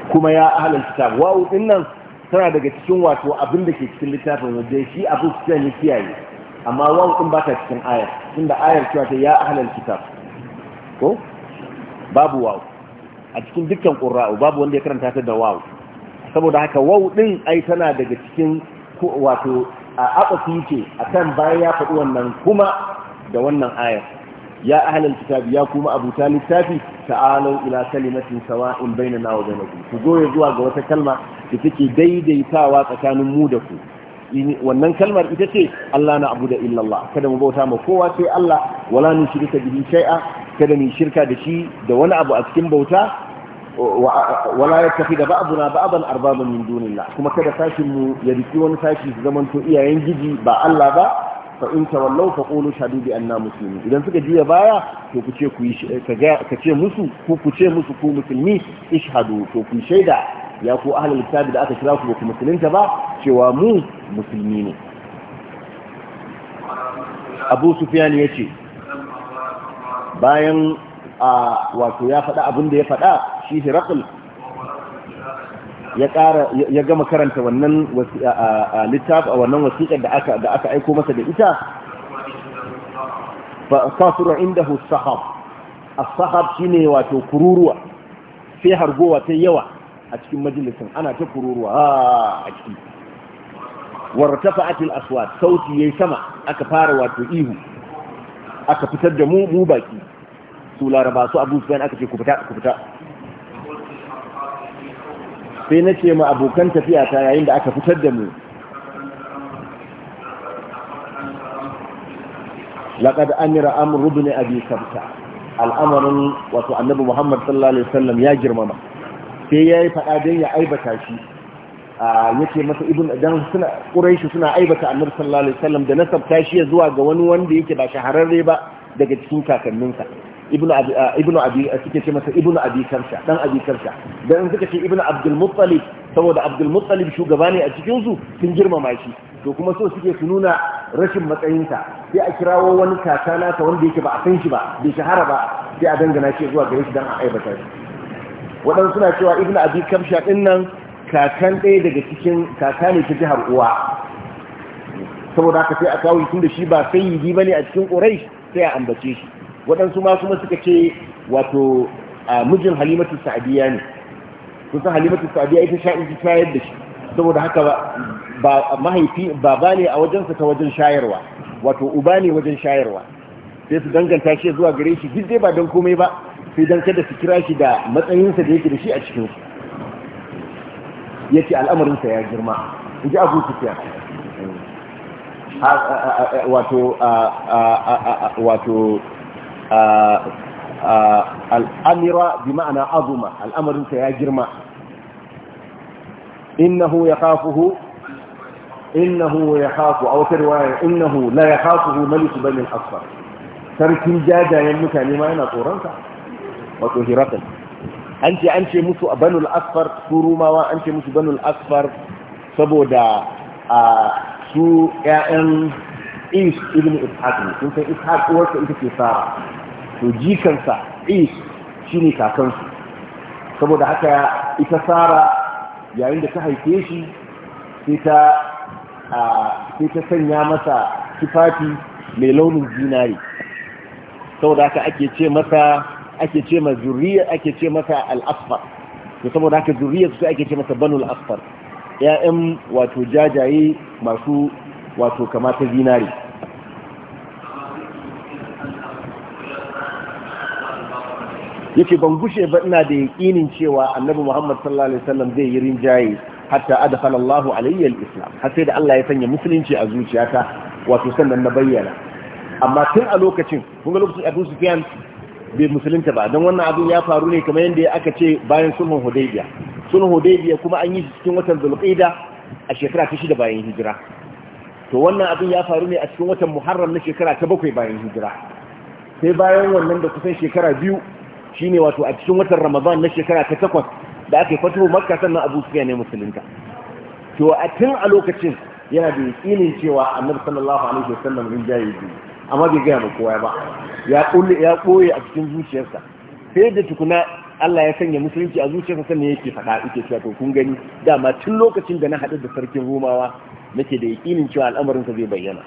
kuma ya ahalar kitab wawo dinnan tana daga cikin wato abin da ke cikin littafin wajen shi abin su ne kiyaye amma wawo din ba ta cikin ayar tunda ayar cewa ta ya ahalar kitab ko babu wawo a cikin dukkan ƙura'u babu wanda ya karanta ta da wawu saboda haka wawu ɗin, ai tana daga cikin wato a akwafi ce kan bayan ya faɗi wannan kuma da wannan ayar ya ahalar kitabi ya kuma ta littafi ta'alau, ila kalimatin sawa'in bainana nawa bainakum ku goye zuwa ga wata kalma da take daidaitawa tsakanin mu da ku wannan kalmar ita ce Allah na abu da illallah kada mu bauta ma kowa sai Allah wala nushirika bihi shay'a kada ni shirka da shi da wani abu a cikin bauta wala ya tafi da ba'duna ba'dan arbaba min dunillah kuma kada sashin mu ya riki wani sashi su zaman to iyayen giji ba Allah ba fa in wallau fa qulu shahadu bi anna muslimin idan suka jiya baya to ku ce ku yi ka ce musu ku ku ce musu ku musulmi ishhadu to ku shaida ya ku ahlul kitab da aka kira ku ba ku musulunta ba cewa mu musulmi ne Abu Sufyan ya ce bayan a wato ya faɗa abinda ya faɗa shi hirakul ya ya gama karanta wannan littaf a wannan wasiƙar da aka aiko masa da ita fa inda indahu sahab as-sahab shine wato kururuwa sai hargowa ta yawa a cikin majalisin ana ta kururuwa a ciki wartafa'at al-aswat sauti sama aka fara wato ihu aka fitar da mu baki su laraba su abu sufiyan aka ce ku fita ku fita sai na ce ma abokan tafiya ta yayin da aka fitar da mu laqad amira amr ibn abi kabta al'amarin wato annabi muhammad sallallahu alaihi wasallam ya girmama sai ya yi faɗa don ya aibata shi yake masa ibn dan suna quraishi suna aibata annabi sallallahu alaihi wasallam da nasab tashi zuwa ga wani wanda yake ba shahararre ba daga cikin sa ibnu abi ibnu abi suke ce masa ibnu abi karsha dan abi karsha dan suka ce ibnu abdul muttalib saboda abdul muttalib shugaba ne a cikin su sun girmama shi to kuma so suke su nuna rashin matsayin sa sai a kirawo wani kaka ta wanda yake ba a san shi ba bai shahara ba sai a dangana shi zuwa gare shi dan a aibata shi waɗansu suna cewa ibnu abi karsha din kakan ɗaya daga cikin kaka ne ta jihar uwa saboda haka sai a kawo tun da shi ba sai yi sayyidi bane a cikin ƙurai sai a ambace shi waɗansu ma kuma suka ce wato mijin halimatu sa'adiyya ne kusan halimatu sa'adiyya ita sha'in ta shayar da shi saboda haka ba mahaifi ba ba ne a wajensa ta wajen shayarwa wato uba ne wajen shayarwa sai su danganta shi zuwa gare shi duk dai ba don komai ba sai don kada su kira shi da matsayinsa da yake da shi a cikin su ya ce al'amarinsa ya girma in ji abu sufiya wato al'amira bi ma'ana azuma al'amarinsa ya girma innahu ya kafuhu innahu ya kafu a wata riwaya innahu la ya kafuhu malisu banin asfar sarkin jajayen mutane ma yana tsoronka, wato hirakali an ce an ce musu banul asfar su rumawa an ce musu banul asfar saboda a su ƴaƴan is ibn ishaq ne sun san ishaq uwarsa ita ce sara to jikansa is shine kakansu saboda haka ita sara yayin da ta haife shi sai ta sanya masa tufafi mai launin zinari saboda haka ake ce masa ake ce ma zuriyar ake ce masa al'asfar saboda haka zuriyar su ake ce masa banul asfar ƴaƴan wato jajaye masu wato kama ta zinari yake ban gushe ba ina da yaƙinin cewa annabi Muhammad sallallahu alaihi wasallam zai yi rinjaye hatta adkhala Allah Alayhi al-islam har sai da Allah ya sanya musulunci a zuciyata wato sannan na bayyana amma tun a lokacin kun ga lokacin Abu Sufyan bai musulunta ba don wannan abin ya faru ne kamar yadda aka ce bayan sulhun hudaibiya. sulhun hudaibiya kuma an yi cikin watan zulqa'ida a shekara ta shida bayan hijira to wannan abin ya faru ne a cikin watan muharram na shekara ta bakwai bayan hijira sai bayan wannan da kusan shekara biyu shine wato a cikin watan ramadan na shekara ta takwas da aka fito makka sannan abu sufiya ne musulunta to a tun a lokacin yana da yakinin cewa annabi sallallahu alaihi wasallam rinjaye biyu amma bai gaya ma kowa ba ya kulle ya koye a cikin zuciyarsa sai da tukuna Allah ya sanya musulunci a zuciyarsa sannan yake faɗa yake cewa to kun gani dama tun lokacin da na haɗu da sarkin Romawa nake da yakinin cewa al'amarin sa zai bayyana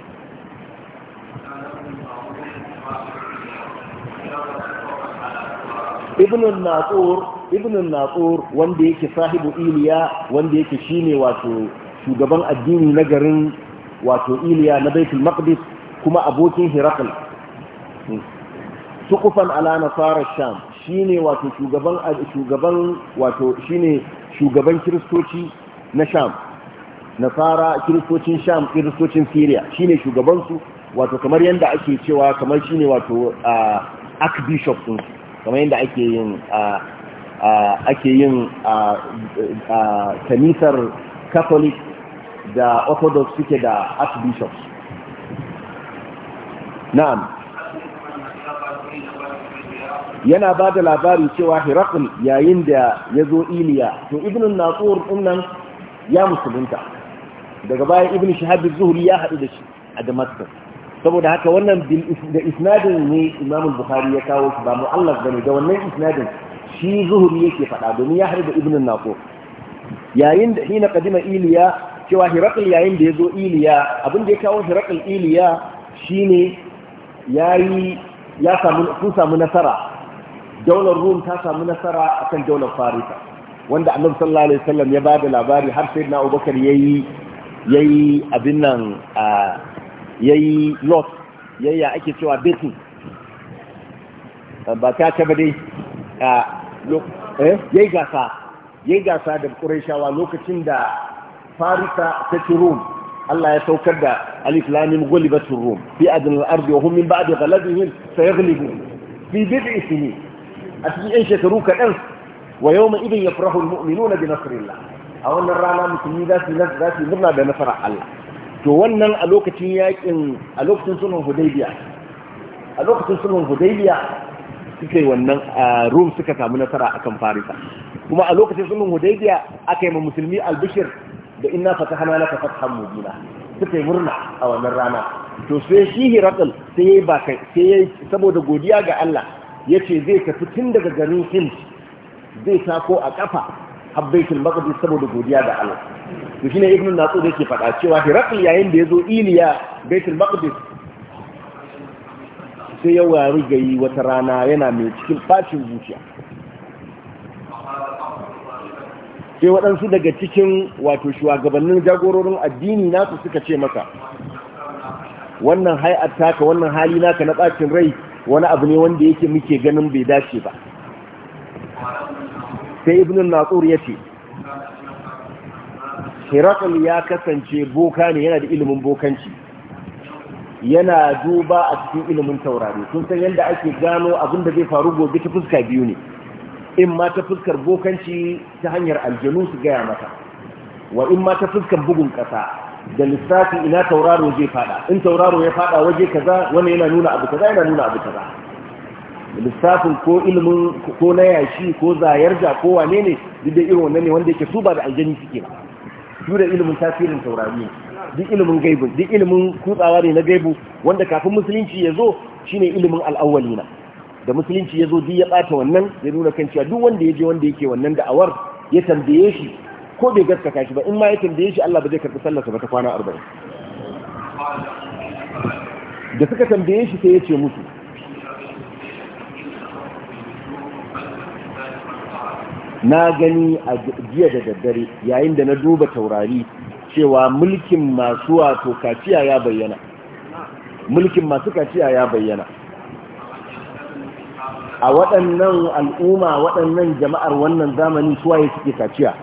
ibn al-naqur ibn al-naqur wanda yake sahibu iliya wanda yake shine wato shugaban addini na garin wato iliya na baitul maqdis kuma abokin hirakul sukufan ala nasarar sham shi wato shugaban shugaban wato shugaban kiristoci na sham nasara kiristocin sham kiristocin syria shi shugaban su wato kamar yadda ake cewa kamar shi ne wato archbishop din kamar yadda ake yin ake yin kanisar catholic da orthodox suke da archbishops na'am yana ba da labari cewa hirakul yayin da ya zo iliya to ibn natsur ɗinnan ya musulunta daga bayan ibn shahab zuhri ya haɗu da shi a damascus saboda haka wannan da isnadin ne imam bukhari ya kawo shi ba mu'allaf gani. da wannan isnadin shi zuhri yake faɗa domin ya haɗu da ibn natsur yayin da hina kadima iliya cewa hirakul yayin da ya zo iliya abin da ya kawo hirakul iliya shine ya samu kun samu nasara daular rum ta samu nasara a kan daular farisa wanda annabi sallallahu alaihi wasallam ya bada labari har sai na abubakar yayi yayi abin nan a yayi lot yayi ake cewa betin? ba ta ba dai eh, yayi gasa yayi gasa da qurayshawa lokacin da farisa ta ci rum Allah ya saukar da alif lamim ghulibatur rum fi adnal ardi wa da min ba'di ghalabihim sayaghlibu fi bid'i sini a cikin yan shekaru kaɗan wa yawma idin yafrahu na bi nasrillah a wannan rana musulmi za su yi murna da nasarar Allah to wannan a lokacin yakin a lokacin sulhun hudaybiya a lokacin sulhun hudaybiya suka yi wannan rum suka samu nasara akan farisa kuma a lokacin sulhun hudaybiya aka yi musulmi albishir da inna na laka fathan mubina suka yi murna a wannan rana to sai shi hirakul sai yayi ba kai sai yayi saboda godiya ga Allah yace zai tafi tun daga garin hin zai sako a kafa habbaitul maqdis saboda godiya ga Allah to shine ibn Natsu da yake faɗa cewa hirakul yayin da ya zo Iliya baitul maqdis sai ya wari gayi wata rana yana mai cikin fashin zuciya sai waɗansu daga cikin wato shugabannin jagororin addini nasu suka ce maka wannan hai'ar taka wannan hali naka na ɓacin rai wani abu ne wanda yake muke ganin bai dace ba sai ibn natsur ya ce hirakul ya kasance boka ne yana da ilimin bokanci yana duba a cikin ilimin taurari sun san yadda ake gano abin da zai faru gobe ta fuska biyu ne in ma ta fuskar bokanci ta hanyar aljanu su gaya mata wa in ma ta fuskar bugun ƙasa da lissafi ina tauraro zai fada in tauraro ya fada waje kaza wani yana nuna abu kaza yana nuna abu kaza lissafin ko ilimin ko na yashi ko zayar da ko wane ne duk da irin wannan ne wanda yake su ba da aljani suke ba su da ilimin tasirin taurari ne duk ilimin gaibu duk ilimin kutsawa ne na gaibu wanda kafin musulunci ya zo shine ilimin al'awwalina da musulunci ya zo duk ya ɓata wannan ya nuna kan cewa duk wanda ya je wanda yake wannan da'awar ya tambaye shi ko bai gaskata shi ba in ma ya tambaye shi Allah ba zai karɓi sallarsa ba ta kwana arba'in da suka tambaye shi sai ya ce musu na gani a jiya da daddare yayin da na duba taurari cewa mulkin masu wato kaciya ya bayyana mulkin masu kaciya ya bayyana a waɗannan al'umma waɗannan jama'ar wannan zamani suwaye suke kaciya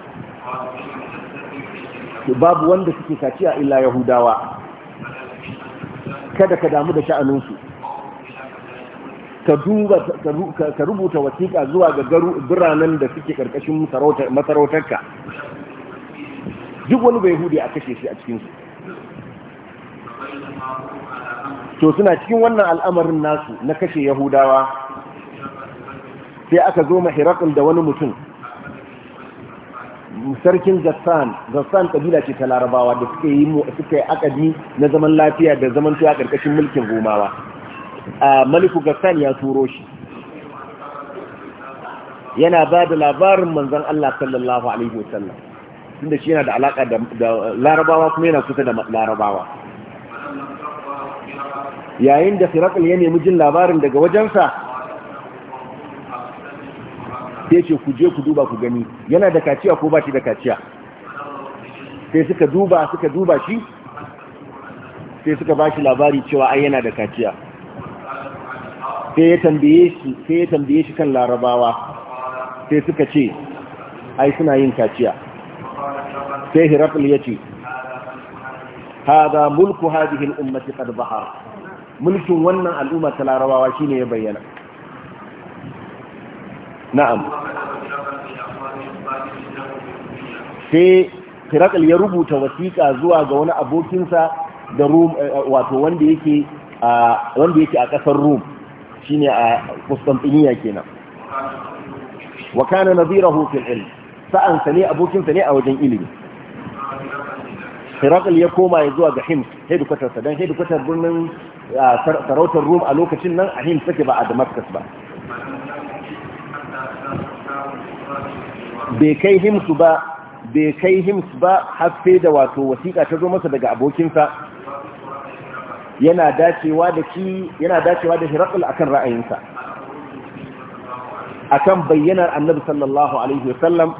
babu wanda suke kaciya illa yahudawa kada ka damu da sha'aninsu ka rubuta wasiƙa zuwa ga biranen da suke ƙarƙashin masarautarka duk wani bai hudu a kashe shi a cikinsu to suna cikin wannan al'amarin nasu na kashe yahudawa sai aka zo mahirakul da wani mutum sarkin Gassan Gassan kabila ce ta Larabawa da suka yi akadi na zaman lafiya da zaman tuya karkashin mulkin Romawa Maliku Gassan ya turo shi yana ba da labarin manzon Allah sallallahu alaihi wasallam tunda shi yana da alaka da Larabawa kuma yana kusa da Larabawa yayin da Firakul ya nemi jin labarin daga wajensa sai ce ku je ku duba ku gani yana da kaciya ko ba shi da kaciya sai suka duba suka duba shi sai suka ba shi labari cewa ai yana da kaciya sai ya tambaye shi sai ya tambaye shi kan larabawa sai suka ce ai suna yin kaciya sai hirafil ya ce hada mulku hadhihi al-ummati bahar mulkin wannan al'umar ta larabawa shine ya bayyana na'am sai firakal ya rubuta wasiƙa zuwa ga wani abokinsa da rum eh, wato wanda yake a wanda yake a ƙasar rum shine a Constantinople kenan wa kana nadhirahu fil ilm sa'an sa ne abokinsa ne a wajen ilimi firakal ya koma ya zuwa ga hims hedikwatar sa don hedikwatar birnin sarautar rum a lokacin nan a him take ba a damascus ba bai kai himsu ba bai kai himsu ba haffe da wato wasiƙa ta zo masa daga abokinsa yana dacewa da ki akan ra'ayinsa akan bayyanar annabi sallallahu alaihi wasallam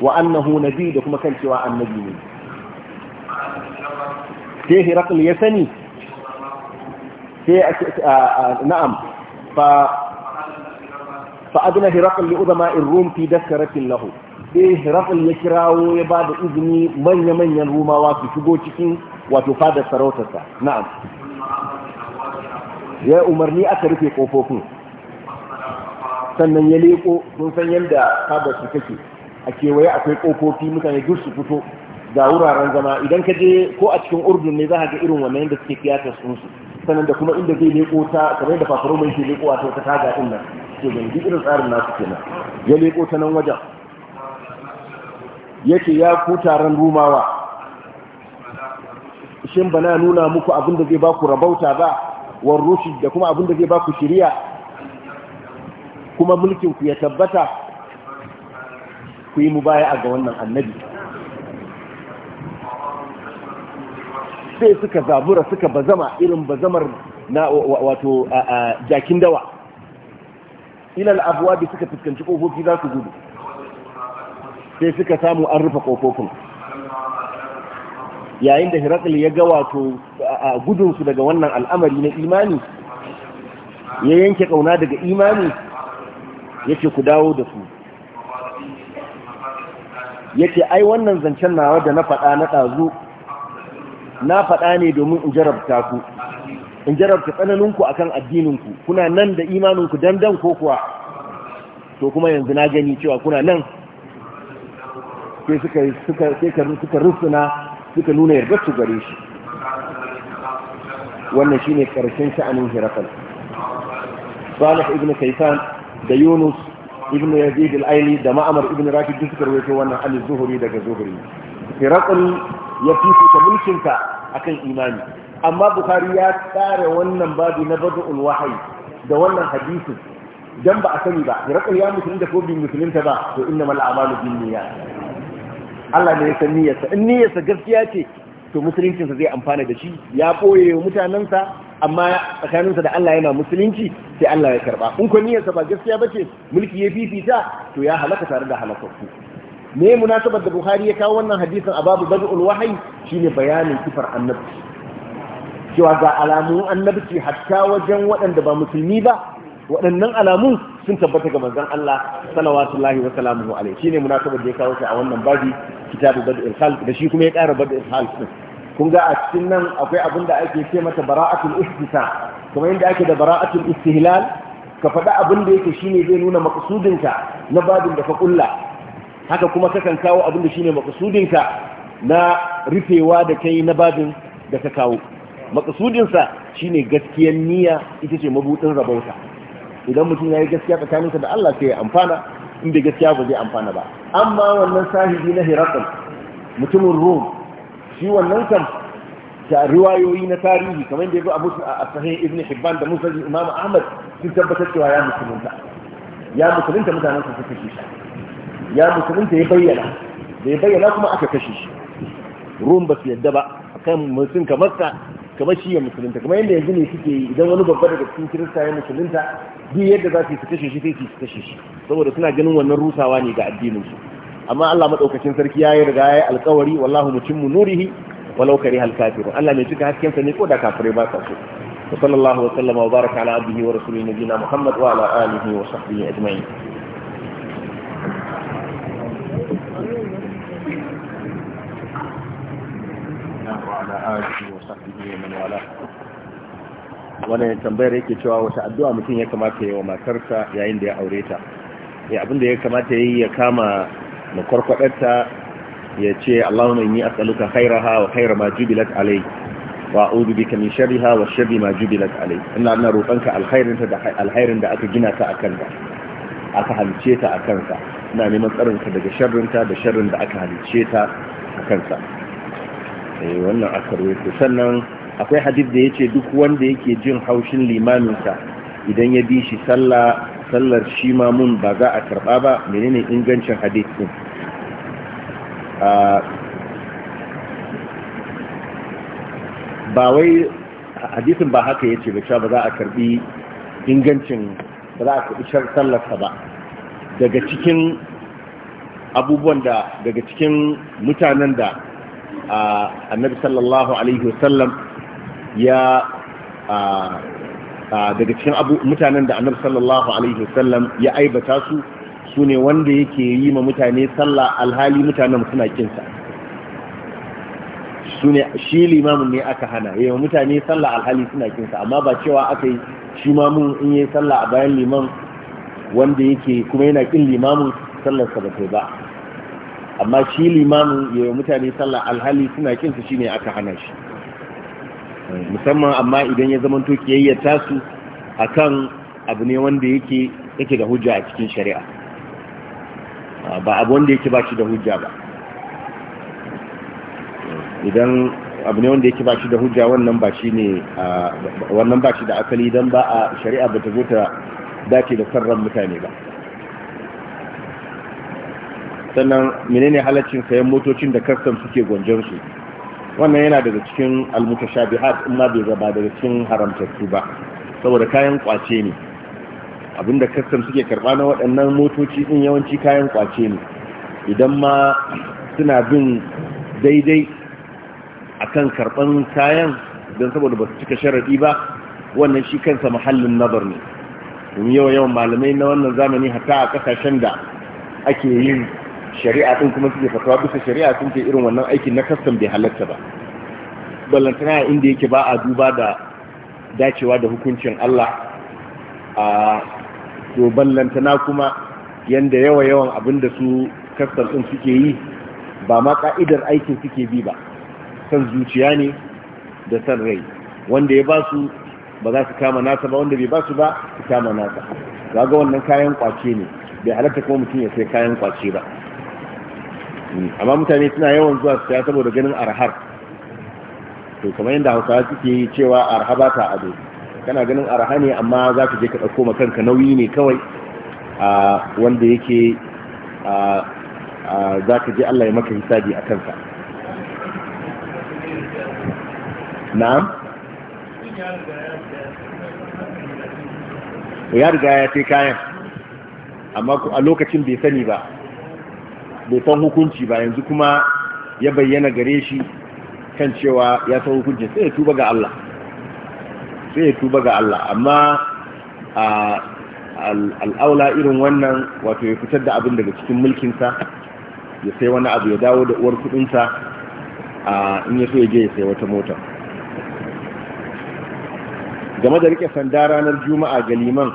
wa annahu nabi da kuma kan cewa annabi ne sai hirakul ya sani sai na'am fa فأدنى هرقل لأدماء الروم في ar-rum إيه هرقل lahu يباد إذني ya kirawo ya ba da izini manya manyan rumawa su shigo cikin wato sarautarsa na'am umarni aka rufe sannan ya leko sun san yadda fadar su kake a kewaye akwai kofofi mutane duk su fito ga wuraren zama idan ka je ko a cikin urdun ne za ka ga irin wannan yadda suke kiyatar sunsu sannan da kuma inda zai leko ta kamar da fafaro mai ke leko wato ta taga nan suke gani duk irin tsarin nasu kenan ya leko ta nan wajen yake ya ku taron rumawa shin bana nuna muku abin da zai ba ku rabauta ba war rushi da kuma abin da zai ba ku shirya? kuma mulkin ku ya tabbata ku yi a ga wannan annabi sai suka zabura suka bazama irin bazamar na wato jakin dawa ilal abuwa da suka fuskanci kofofi za su gudu sai suka samu an rufe kofofin yayin da hirakul ya ga wato a gudunsu daga wannan al'amari na imani ya yanke kauna daga imani yake ku dawo da su yake ai wannan zancen nawa da na faɗa na ɗazu na faɗa ne domin in jarabta ku in jarabta tsananinku a kan addininku kuna nan da imaninku dandan ko kuwa to kuma yanzu na gani cewa kuna nan sai suka rufuna suka nuna yarda su gare shi wannan shi ne karshen sha'anin hirafal Salih ibn kaifan da Yunus ibn Yazid al-Aili da Ma'amar ibn Rashid duk suka rufe wannan alif zuhuri daga zuhuri Hirafal ya fi fifita mulkinka akan imani amma bukhari ya tsara wannan babu na badul wahayi da wannan hadisin dan ba a sani ba ya rakon ya da ko musulun ta ba to innamal a'malu binniyat Allah ne ya san niyyarsa in niyyarsa gaskiya ce to musuluncinsa zai amfana da shi ya ɓoye mutanensa amma tsakaninsa da Allah yana musulunci sai Allah ya karba in ko niyyarsa ba gaskiya bace mulki ya fifita to ya halaka tare da halakakku me munasabar da Buhari ya kawo wannan hadisin a babu bad'ul wahyi shine bayanin kifar annabi cewa ga alamun annabci hatta wajen waɗanda ba musulmi ba waɗannan alamun sun tabbata ga manzon Allah sallallahu wa sallam alaihi shine munasabar da ya kawo shi a wannan babi kitabu bad'ul khalq da shi kuma ya ƙara bad'ul khalq kun ga a cikin nan akwai abin da ake ce mata bara'atul istisa kuma inda ake da bara'atul istihlal ka faɗi abin da yake shine zai nuna maqsudinka na babin da ka kulla haka kuma kakan kawo abin da shine maqsudinka na rufewa da kai na babin da ka kawo makasudinsa shine gaskiyar niyya ita ce mabudin rabauta idan mutum ya yi gaskiya tsakaninsa da Allah sai ya amfana in bai gaskiya ba zai amfana ba amma wannan sahibi na hirakul mutumin rum shi wannan kan ta riwayoyi na tarihi kamar da ya zo abu a sahih ibn hibban da musa imam ahmad sun tabbatar cewa ya musulunta ya musulunta mutanen su suka shi ya musulunta ya bayyana da ya bayyana kuma aka kashe shi rum ba su yadda ba kan mutum kamar sa kamar shi ya musulunta kamar yadda yanzu ne suke yi idan wani babba daga cikin kirista ya musulunta duk yadda za su kashe shi sai su kashe shi saboda suna ganin wannan rusawa ne ga addinin su amma Allah madaukakin sarki ya yi riga ya yi alkawari wallahu mutimmu nurihi walau kariha alkafirun Allah mai cika hasken sa ne ko da kafirai ba sa so sallallahu wa sallama wa baraka ala abdihi wa rasulihi nabiyina Muhammad wa ala alihi wa sahbihi ajma'in آله وصحبه man wala wannan tambayar yake cewa wata addu'a mutum ya kamata ya wa matarsa yayin da ya aure ta ya eh, abin da ya kamata yayi ya kama na kwarkwadarta ya ce Allahumma inni as'aluka khairaha wa khaira ma jubilat alai wa a'udhu bika min sharriha wa sharri ma jubilat alai ina ina roƙonka alkhairin ta da alkhairin da aka gina ta akan ka aka halice ta akan ka ina neman tsarin ka daga sharrin ta da sharrin da aka halice ta akan sa eh wannan aka ruwaito sannan akwai hadith da ce duk wanda yake jin haushin limaminsa idan ya bi shi sallah sallar shi mamun ba za a karba ba menene ingancin hadith din ba wai hadithin ba haka yace ba cewa ba za a karbi ingancin ba za a karbi sallarsa ba daga cikin abubuwan da daga cikin mutanen da annabi sallallahu alaihi wasallam ya daga cikin mutanen da annabi sallallahu alaihi wasallam ya aibata su su ne wanda yake yi ma mutane sallah alhali mutanen suna kinsa su ne shi limamin ne aka hana yi mutane sallah alhali suna kinsa amma ba cewa aka yi shi mamun in yi sallah a bayan liman wanda yake kuma yana kin limamin sallar ba ta ba amma shi limamin yi mutane sallah alhali suna kinsa shine aka hana shi musamman amma idan ya zama to kiyayya tasu akan abu ne wanda yake yake da hujja a cikin shari'a ah, ba abu wanda yake ba shi da hujja ba idan abu ne wanda yake ba shi da hujja wannan ba shi ne ah, wannan ba shi da asali dan ba a shari'a ba ta zo ta dace da sarran mutane ba sannan menene halaccin sayan motocin da kastam suke gwanjon su wannan yana daga cikin almutashabihat in ma bai zaba daga cikin haramtattu ba saboda kayan kwace ne abinda kastam suke karba na waɗannan motoci din yawanci kayan kwace ne idan ma suna bin daidai akan karban kayan don saboda ba su cika sharaɗi ba wannan shi kansa muhallin nazar ne domin yawan yawan malamai na wannan zamani hatta a kasashen da ake yin shari'a ɗin kuma suke fatawa bisa shari'a sun ce irin wannan aikin na kastam bai halatta ba ballantana inda yake ba a duba da dacewa da hukuncin Allah a to ballantana kuma yanda yawa yawan abin da su kastam din suke yi ba ma ka'idar aikin suke bi ba san zuciya ne da san rai wanda ya ba su ba za su kama nasa ba wanda bai ba su ba su kama nasa ga wannan kayan kwace ne bai halatta kuma mutum ya sai kayan kwace ba Mm. amma mutane suna yawan zuwa su saboda ganin arhar to kamar yadda hausawa suke cewa arha ba ta ado kana ganin arha ne amma za ka je ka ɗauko ma kanka nauyi ne kawai a wanda yake za ka je Allah ya maka hisabi a kansa na'am ya riga ya ce kayan amma a lokacin bai sani ba bai san hukunci ba yanzu kuma ya bayyana gare shi kan cewa ya san hukunci sai ya tuba ga Allah sai ya tuba ga Allah amma al'aula irin wannan wato ya fitar da abin daga cikin mulkinsa ya sai wani abu ya dawo da uwar kudinsa in ya so ya je ya sai wata mota game da rike sanda ranar juma'a ga liman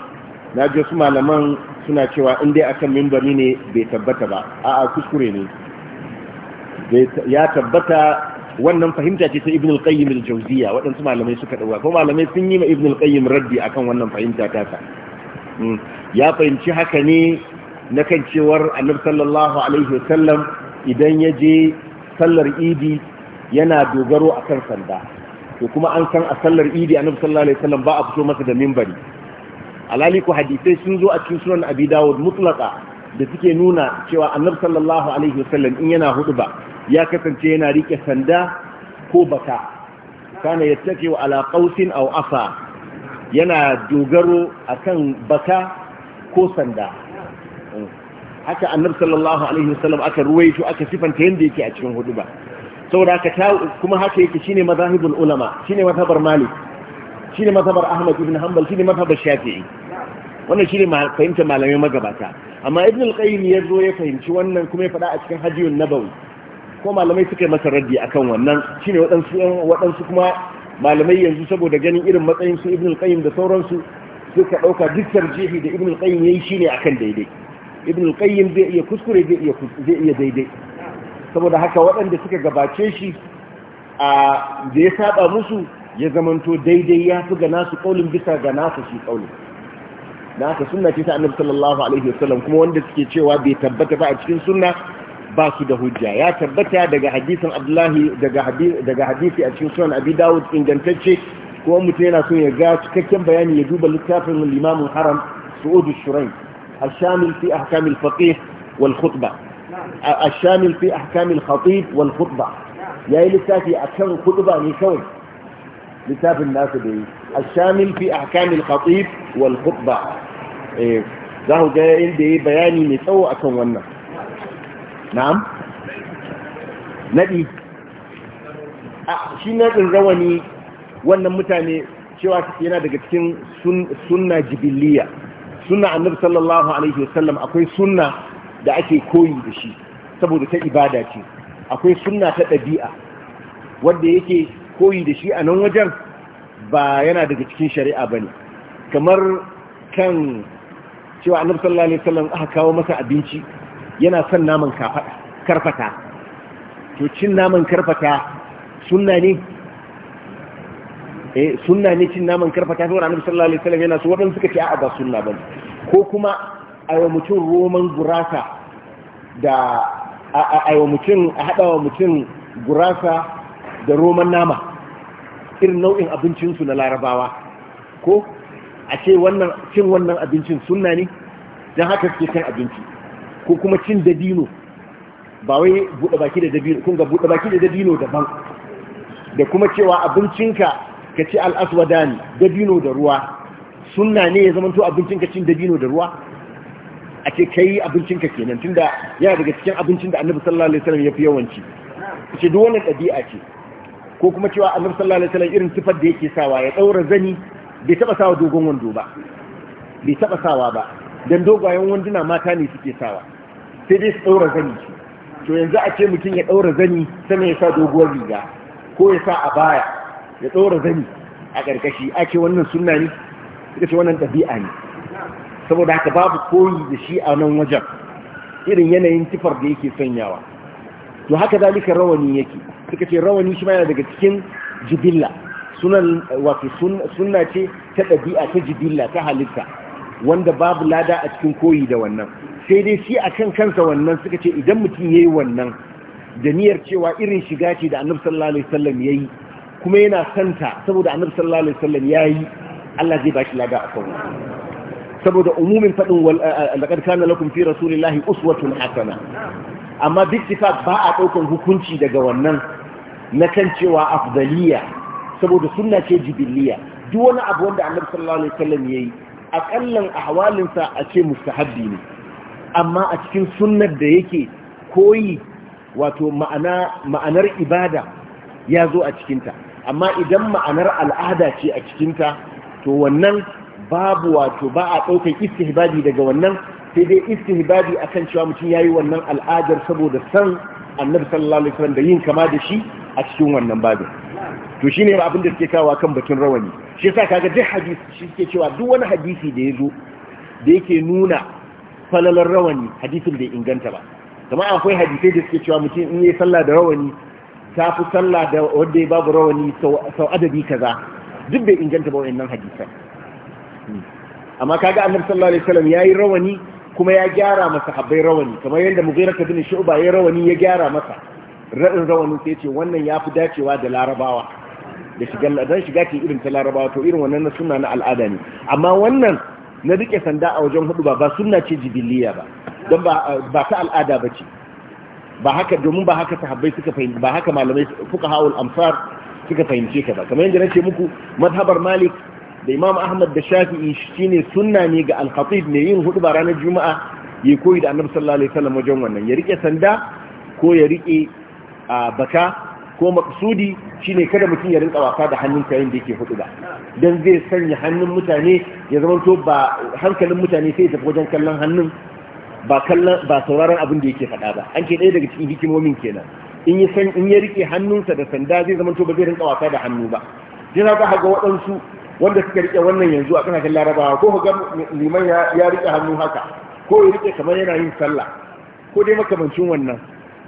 na ji su malaman suna cewa in dai akan mimbari ne bai tabbata ba a kuskure ne ya tabbata wannan fahimta ce ta ibn al-qayyim al-jawziya waɗansu malamai suka dauka ko malamai sun yi ma ibn al-qayyim raddi akan wannan fahimta ta ta hmm. ya fahimci haka ne na kan cewar annabi sallallahu alaihi wasallam idan ya je sallar idi yana dogaro akan sanda to kuma an san a sallar idi annabi sallallahu alaihi wasallam ba a fito masa da mimbari alaliku hadisai sun zo a cikin sunan abi dawud mutlaka da suke nuna cewa annabi sallallahu alaihi wasallam in yana huduba ya kasance yana rike sanda ko baka kana yattaki wa ala qausin aw asa yana dogaro akan baka ko sanda haka annabi sallallahu alaihi wasallam aka ruwaito aka sifanta yanda yake a cikin huduba saboda haka kuma haka yake shine mazahibul ulama shine mazhabar malik ne mazhabar Ahmad ibn Hanbal ne mazhabar Shafi'i wannan shi ne fahimta malamai magabata amma Ibn al-Qayyim ya zo ya fahimci wannan kuma ya faɗa a cikin Hajiyun Nabawi ko malamai suka yi masa raddi akan wannan ne waɗansu waɗansu kuma malamai yanzu saboda ganin irin matsayin su Ibn al-Qayyim da sauransu suka ɗauka duk tarjihi da Ibn al-Qayyim yayi ne akan daidai Ibn al-Qayyim zai iya kuskure zai iya zai iya daidai saboda haka waɗanda suka gabace shi a da ya saba musu ya zamanto daidai ya fi ga nasu kaulin bisa ga nasu shi kaulin na aka sunna ce ta annabi sallallahu alaihi wasallam kuma wanda suke cewa bai tabbata ba a cikin sunna ba su da hujja ya tabbata daga hadisin abdullahi daga hadisi a cikin sunan abi dawud ingantacce kuma mutum yana son ya ga cikakken bayani ya duba littafin limamin haram su'udu shurain الشامل في أحكام الفقيه والخطبة الشامل في أحكام الخطيب والخطبة littafi a kan khutba ne kawai. littafin nasu da yi a shamil fi a kamil khatib wal khutba eh, za ku ga inda ya yi bayani mai tsawo akan wannan na'am naɗi a shi naɗin rawani wannan mutane cewa yana daga cikin sunna jibiliya sunna annabi sallallahu alaihi wasallam akwai sunna da ake koyi da shi saboda ta ibada ce akwai sunna ta ɗabi'a wanda yake koyi da shi a nan wajen ba yana daga cikin shari'a ba ne kamar kan cewa annabi sallallahu alaihi wasallam aka kawo masa abinci yana son naman karfata to cin naman karfata sunna ne eh sunna ne cin naman karfata to annabi sallallahu alaihi wasallam yana so wadan suka ce a'a ba sunna bane ko kuma aiwa mutum roman gurasa da aiwa mutum a hadawa mutum gurasa da roman nama irin nau'in abincinsu na larabawa ko a ce wannan cin wannan abincin sunna ne don haka suke cin abinci ko kuma cin dabino ba wai buɗe baki da dabino kun ga buɗe baki da dabino daban da kuma cewa abincinka ka ci al'aswadani dabino da ruwa sunna ne ya zama to abincinka cin dabino da ruwa a ce kai abincinka kenan tunda yana daga cikin abincin da annabi sallallahu alaihi wasallam ya fi yawanci ce duk wannan ɗabi'a ce ko kuma cewa annabi sallallahu alaihi wasallam irin sifar da yake sawa ya daura zani bai taba sawa dogon wando ba bai taba sawa ba dan dogayen wanduna mata ne suke sawa sai dai su daura zani to yanzu a ce mutum ya daura zani sannan ya sa doguwar riga ko ya sa a baya ya daura zani a karkashi a ce wannan sunna ne suka ce wannan ɗabi'a ne saboda haka babu koyi da shi a nan wajen irin yanayin tifar da yake sanyawa to haka zalika rawani yake suka ce rawani shi yana daga cikin jibilla sunan wato ce ta ɗabi'a ta jibilla ta halitta wanda babu lada a cikin koyi da wannan sai dai shi a kan kansa wannan suka ce idan mutum ya yi wannan da niyyar cewa irin shiga ce da annabi sallallahu alaihi ya yi kuma yana santa saboda annabi sallallahu alaihi ya yi Allah zai shi lada a kan saboda umumin faɗin laqad kana lakum fi rasulillahi uswatun hasana amma duk ba a ɗaukar hukunci daga wannan na kan cewa afdaliya saboda sunna ce jibiliya duk wani abu wanda annabi sallallahu alaihi wasallam yayi akallan ahwalinsa a ce mustahabbi ne amma a cikin sunnar da yake koyi wato ma'ana ma'anar ibada ya zo a cikinta amma idan ma'anar al'ada ce a cikinta to wannan babu wato ba a ɗaukar istihbabi daga wannan sai dai istihbabi akan cewa mutum yayi wannan al'adar saboda san annabi sallallahu alaihi wasallam da yin kama da shi a cikin wannan babu to shine abin da suke kawo kan batun rawani shi yasa kaga duk hadisi shi suke cewa duk wani hadisi da yazo da yake nuna falalar rawani hadisin bai inganta ba kuma akwai hadisai da suke cewa mutum in yayi sallah da rawani ta fi sallah da wanda ya babu rawani sau adadi kaza duk bai inganta ba wannan hadisan hmm. amma kaga annabi sallallahu alaihi wasallam yayi rawani kuma ya gyara masa habbai rawani kamar yadda ka bin shu'ba ya rawani ya gyara masa radin rawani sai ce wannan ya fi dacewa da larabawa da shiga dan shiga ke irin ta larabawa to irin wannan na sunna na al'ada ne amma wannan na rike sanda a wajen hudu ba ba sunna ce jibiliya ba don ba ta al'ada ba ce ba haka domin ba haka sahabbai suka fahimci ba haka malamai fuka hawul amsar suka fahimce ka ba kamar yadda na ce muku mazhabar malik da imam ahmad da shafi'i shine sunna ne ga al-khatib ne yin hudu ba ranar juma'a ya koyi da annabi sallallahu alaihi wasallam wajen wannan ya rike sanda ko ya rike baka ko maksudi shine kada mutum ya rinka wasa da hannun kayan da yake hudu ba dan zai sanya hannun mutane ya zama to ba hankalin mutane sai ya tafi wajen kallon hannun ba kallon ba sauraron abin da yake faɗa ba an ke ɗaya daga cikin hikimomin kenan in ya san in ya rike hannunsa da sanda zai zama to ba zai rinka wasa da hannu ba sai za ga waɗansu wanda suka rike wannan yanzu a kanakin larabawa ko ga liman ya rike hannu haka ko ya rike kamar yana yin sallah ko dai makamancin wannan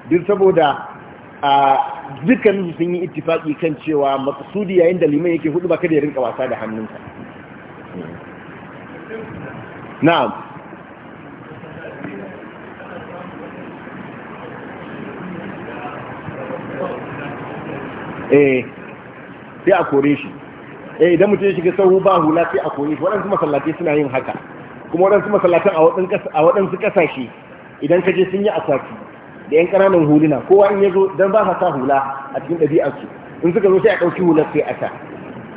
duk saboda a dukkan sun yi ittifaki kan cewa maksudi yayin da liman yake hudu ba kada ya rinka wasa da hannunsa na'am eh sai a kore shi eh idan mutum ya shiga sahu ba hula sai a koyi waɗansu masallatai suna yin haka kuma waɗansu masallatan a waɗansu ƙasashe idan ka je sun yi asafi da yan ƙananan huluna kowa in ya zo don ba sa hula a cikin ɗabi'arsu in suka zo sai a ɗauki hula sai a sa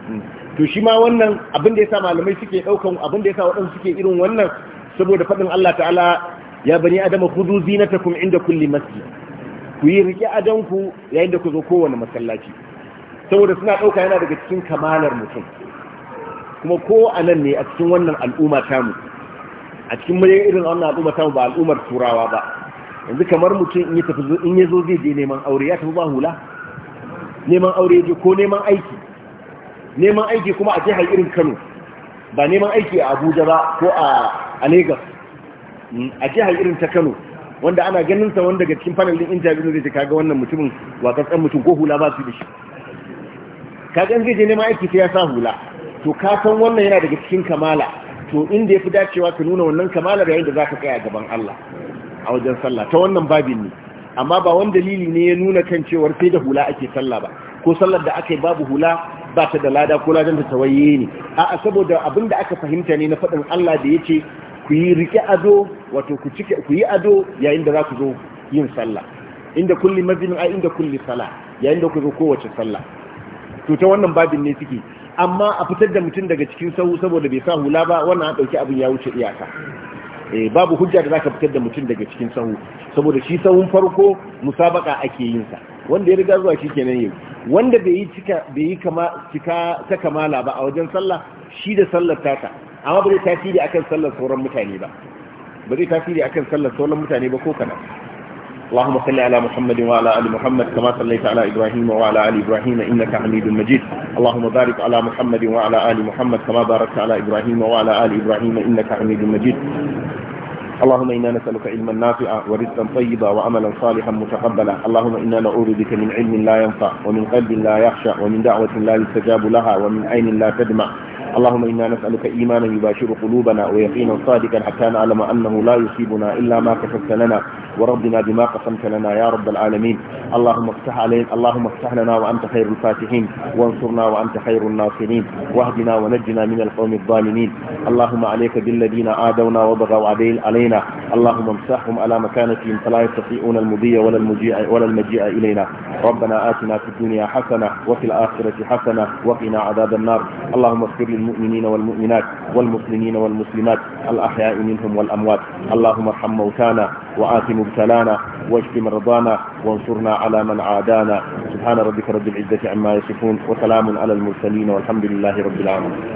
hmm. to shi ma wannan abin da ya sa malamai suke ɗaukan abin da ya sa waɗansu suke irin wannan saboda faɗin Allah ta'ala ya bani adama khudu zinatakum inda kulli masjid ku yi rike adanku yayin da ku zo kowane masallaci saboda suna ɗauka yana daga cikin kamalar mutum kuma ko a nan ne a cikin wannan al'umma tamu a cikin mayan irin wannan al'umma tamu ba al'ummar turawa ba yanzu kamar mutum in ya tafi in ya zo zai je neman aure ya tafi ba hula neman aure ya je ko neman aiki neman aiki kuma a jihar irin Kano ba neman aiki a Abuja ba ko a a Lagos a jihar irin ta Kano wanda ana ganin sa wanda daga cikin panel din interview zai kaga wannan mutumin wa kasan mutum ko hula ba su da shi ka gan zai je neman aiki sai ya sa hula to ka san wannan yana daga cikin kamala to inda yafi dacewa ka nuna wannan kamalar yayin da zaka a gaban Allah a wajen sallah ta wannan babin ne amma ba wani dalili ne ya nuna kan cewar sai da hula ake sallah ba ko sallar da aka yi babu hula ba ta da lada ko ladan ta tawaye ne a'a saboda abin da aka fahimta ne na faɗin Allah da yace ku yi rike ado wato ku cike ku yi ado yayin da za ku zo yin sallah inda kulli mazinin a inda kulli sala yayin da ku zo kowace sallah to ta wannan babin ne suke amma a fitar da mutum daga cikin sahu saboda bai sa hula ba wannan an ɗauki abin ya wuce iyaka eh, babu hujja da zaka fitar da mutum daga cikin sahu saboda shi sahun farko musabaka ake yin sa wanda ya riga zuwa shikenan yau wanda bai yi cika bai kama cika ta kamala ba a wajen sallah shi da sallar taka. amma ba tasiri akan sallar sauran mutane ba ba zai tasiri akan sallar sauran mutane ba ko kana اللهم صل على محمد وعلى ال محمد كما صليت على ابراهيم وعلى ال ابراهيم انك حميد مجيد اللهم بارك على محمد وعلى ال محمد كما باركت على ابراهيم وعلى ال ابراهيم انك حميد مجيد اللهم انا نسالك علما نافعا ورزقا طيبا وعملا صالحا متقبلا اللهم انا نعوذ بك من علم لا ينفع ومن قلب لا يخشع ومن دعوه لا يستجاب لها ومن عين لا تدمع اللهم إنا نسألك إيمانا يباشر قلوبنا ويقينا صادقا حتى نعلم أنه لا يصيبنا إلا ما كشفت لنا وربنا بما قسمت لنا يا رب العالمين اللهم افتح علينا اللهم افتح لنا وأنت خير الفاتحين وانصرنا وأنت خير الناصرين واهدنا ونجنا من القوم الظالمين اللهم عليك بالذين عادونا وبغوا علينا اللهم امسحهم على مكانتهم فلا يستطيعون المضي ولا المجيء ولا المجيء إلينا ربنا آتنا في الدنيا حسنة وفي الآخرة حسنة وقنا عذاب النار اللهم اغفر المؤمنين والمؤمنات والمسلمين والمسلمات الأحياء منهم والأموات اللهم ارحم موتانا وآت مبتلانا واشف مرضانا وانصرنا على من عادانا سبحان ربك رب العزة عما يصفون وسلام على المرسلين والحمد لله رب العالمين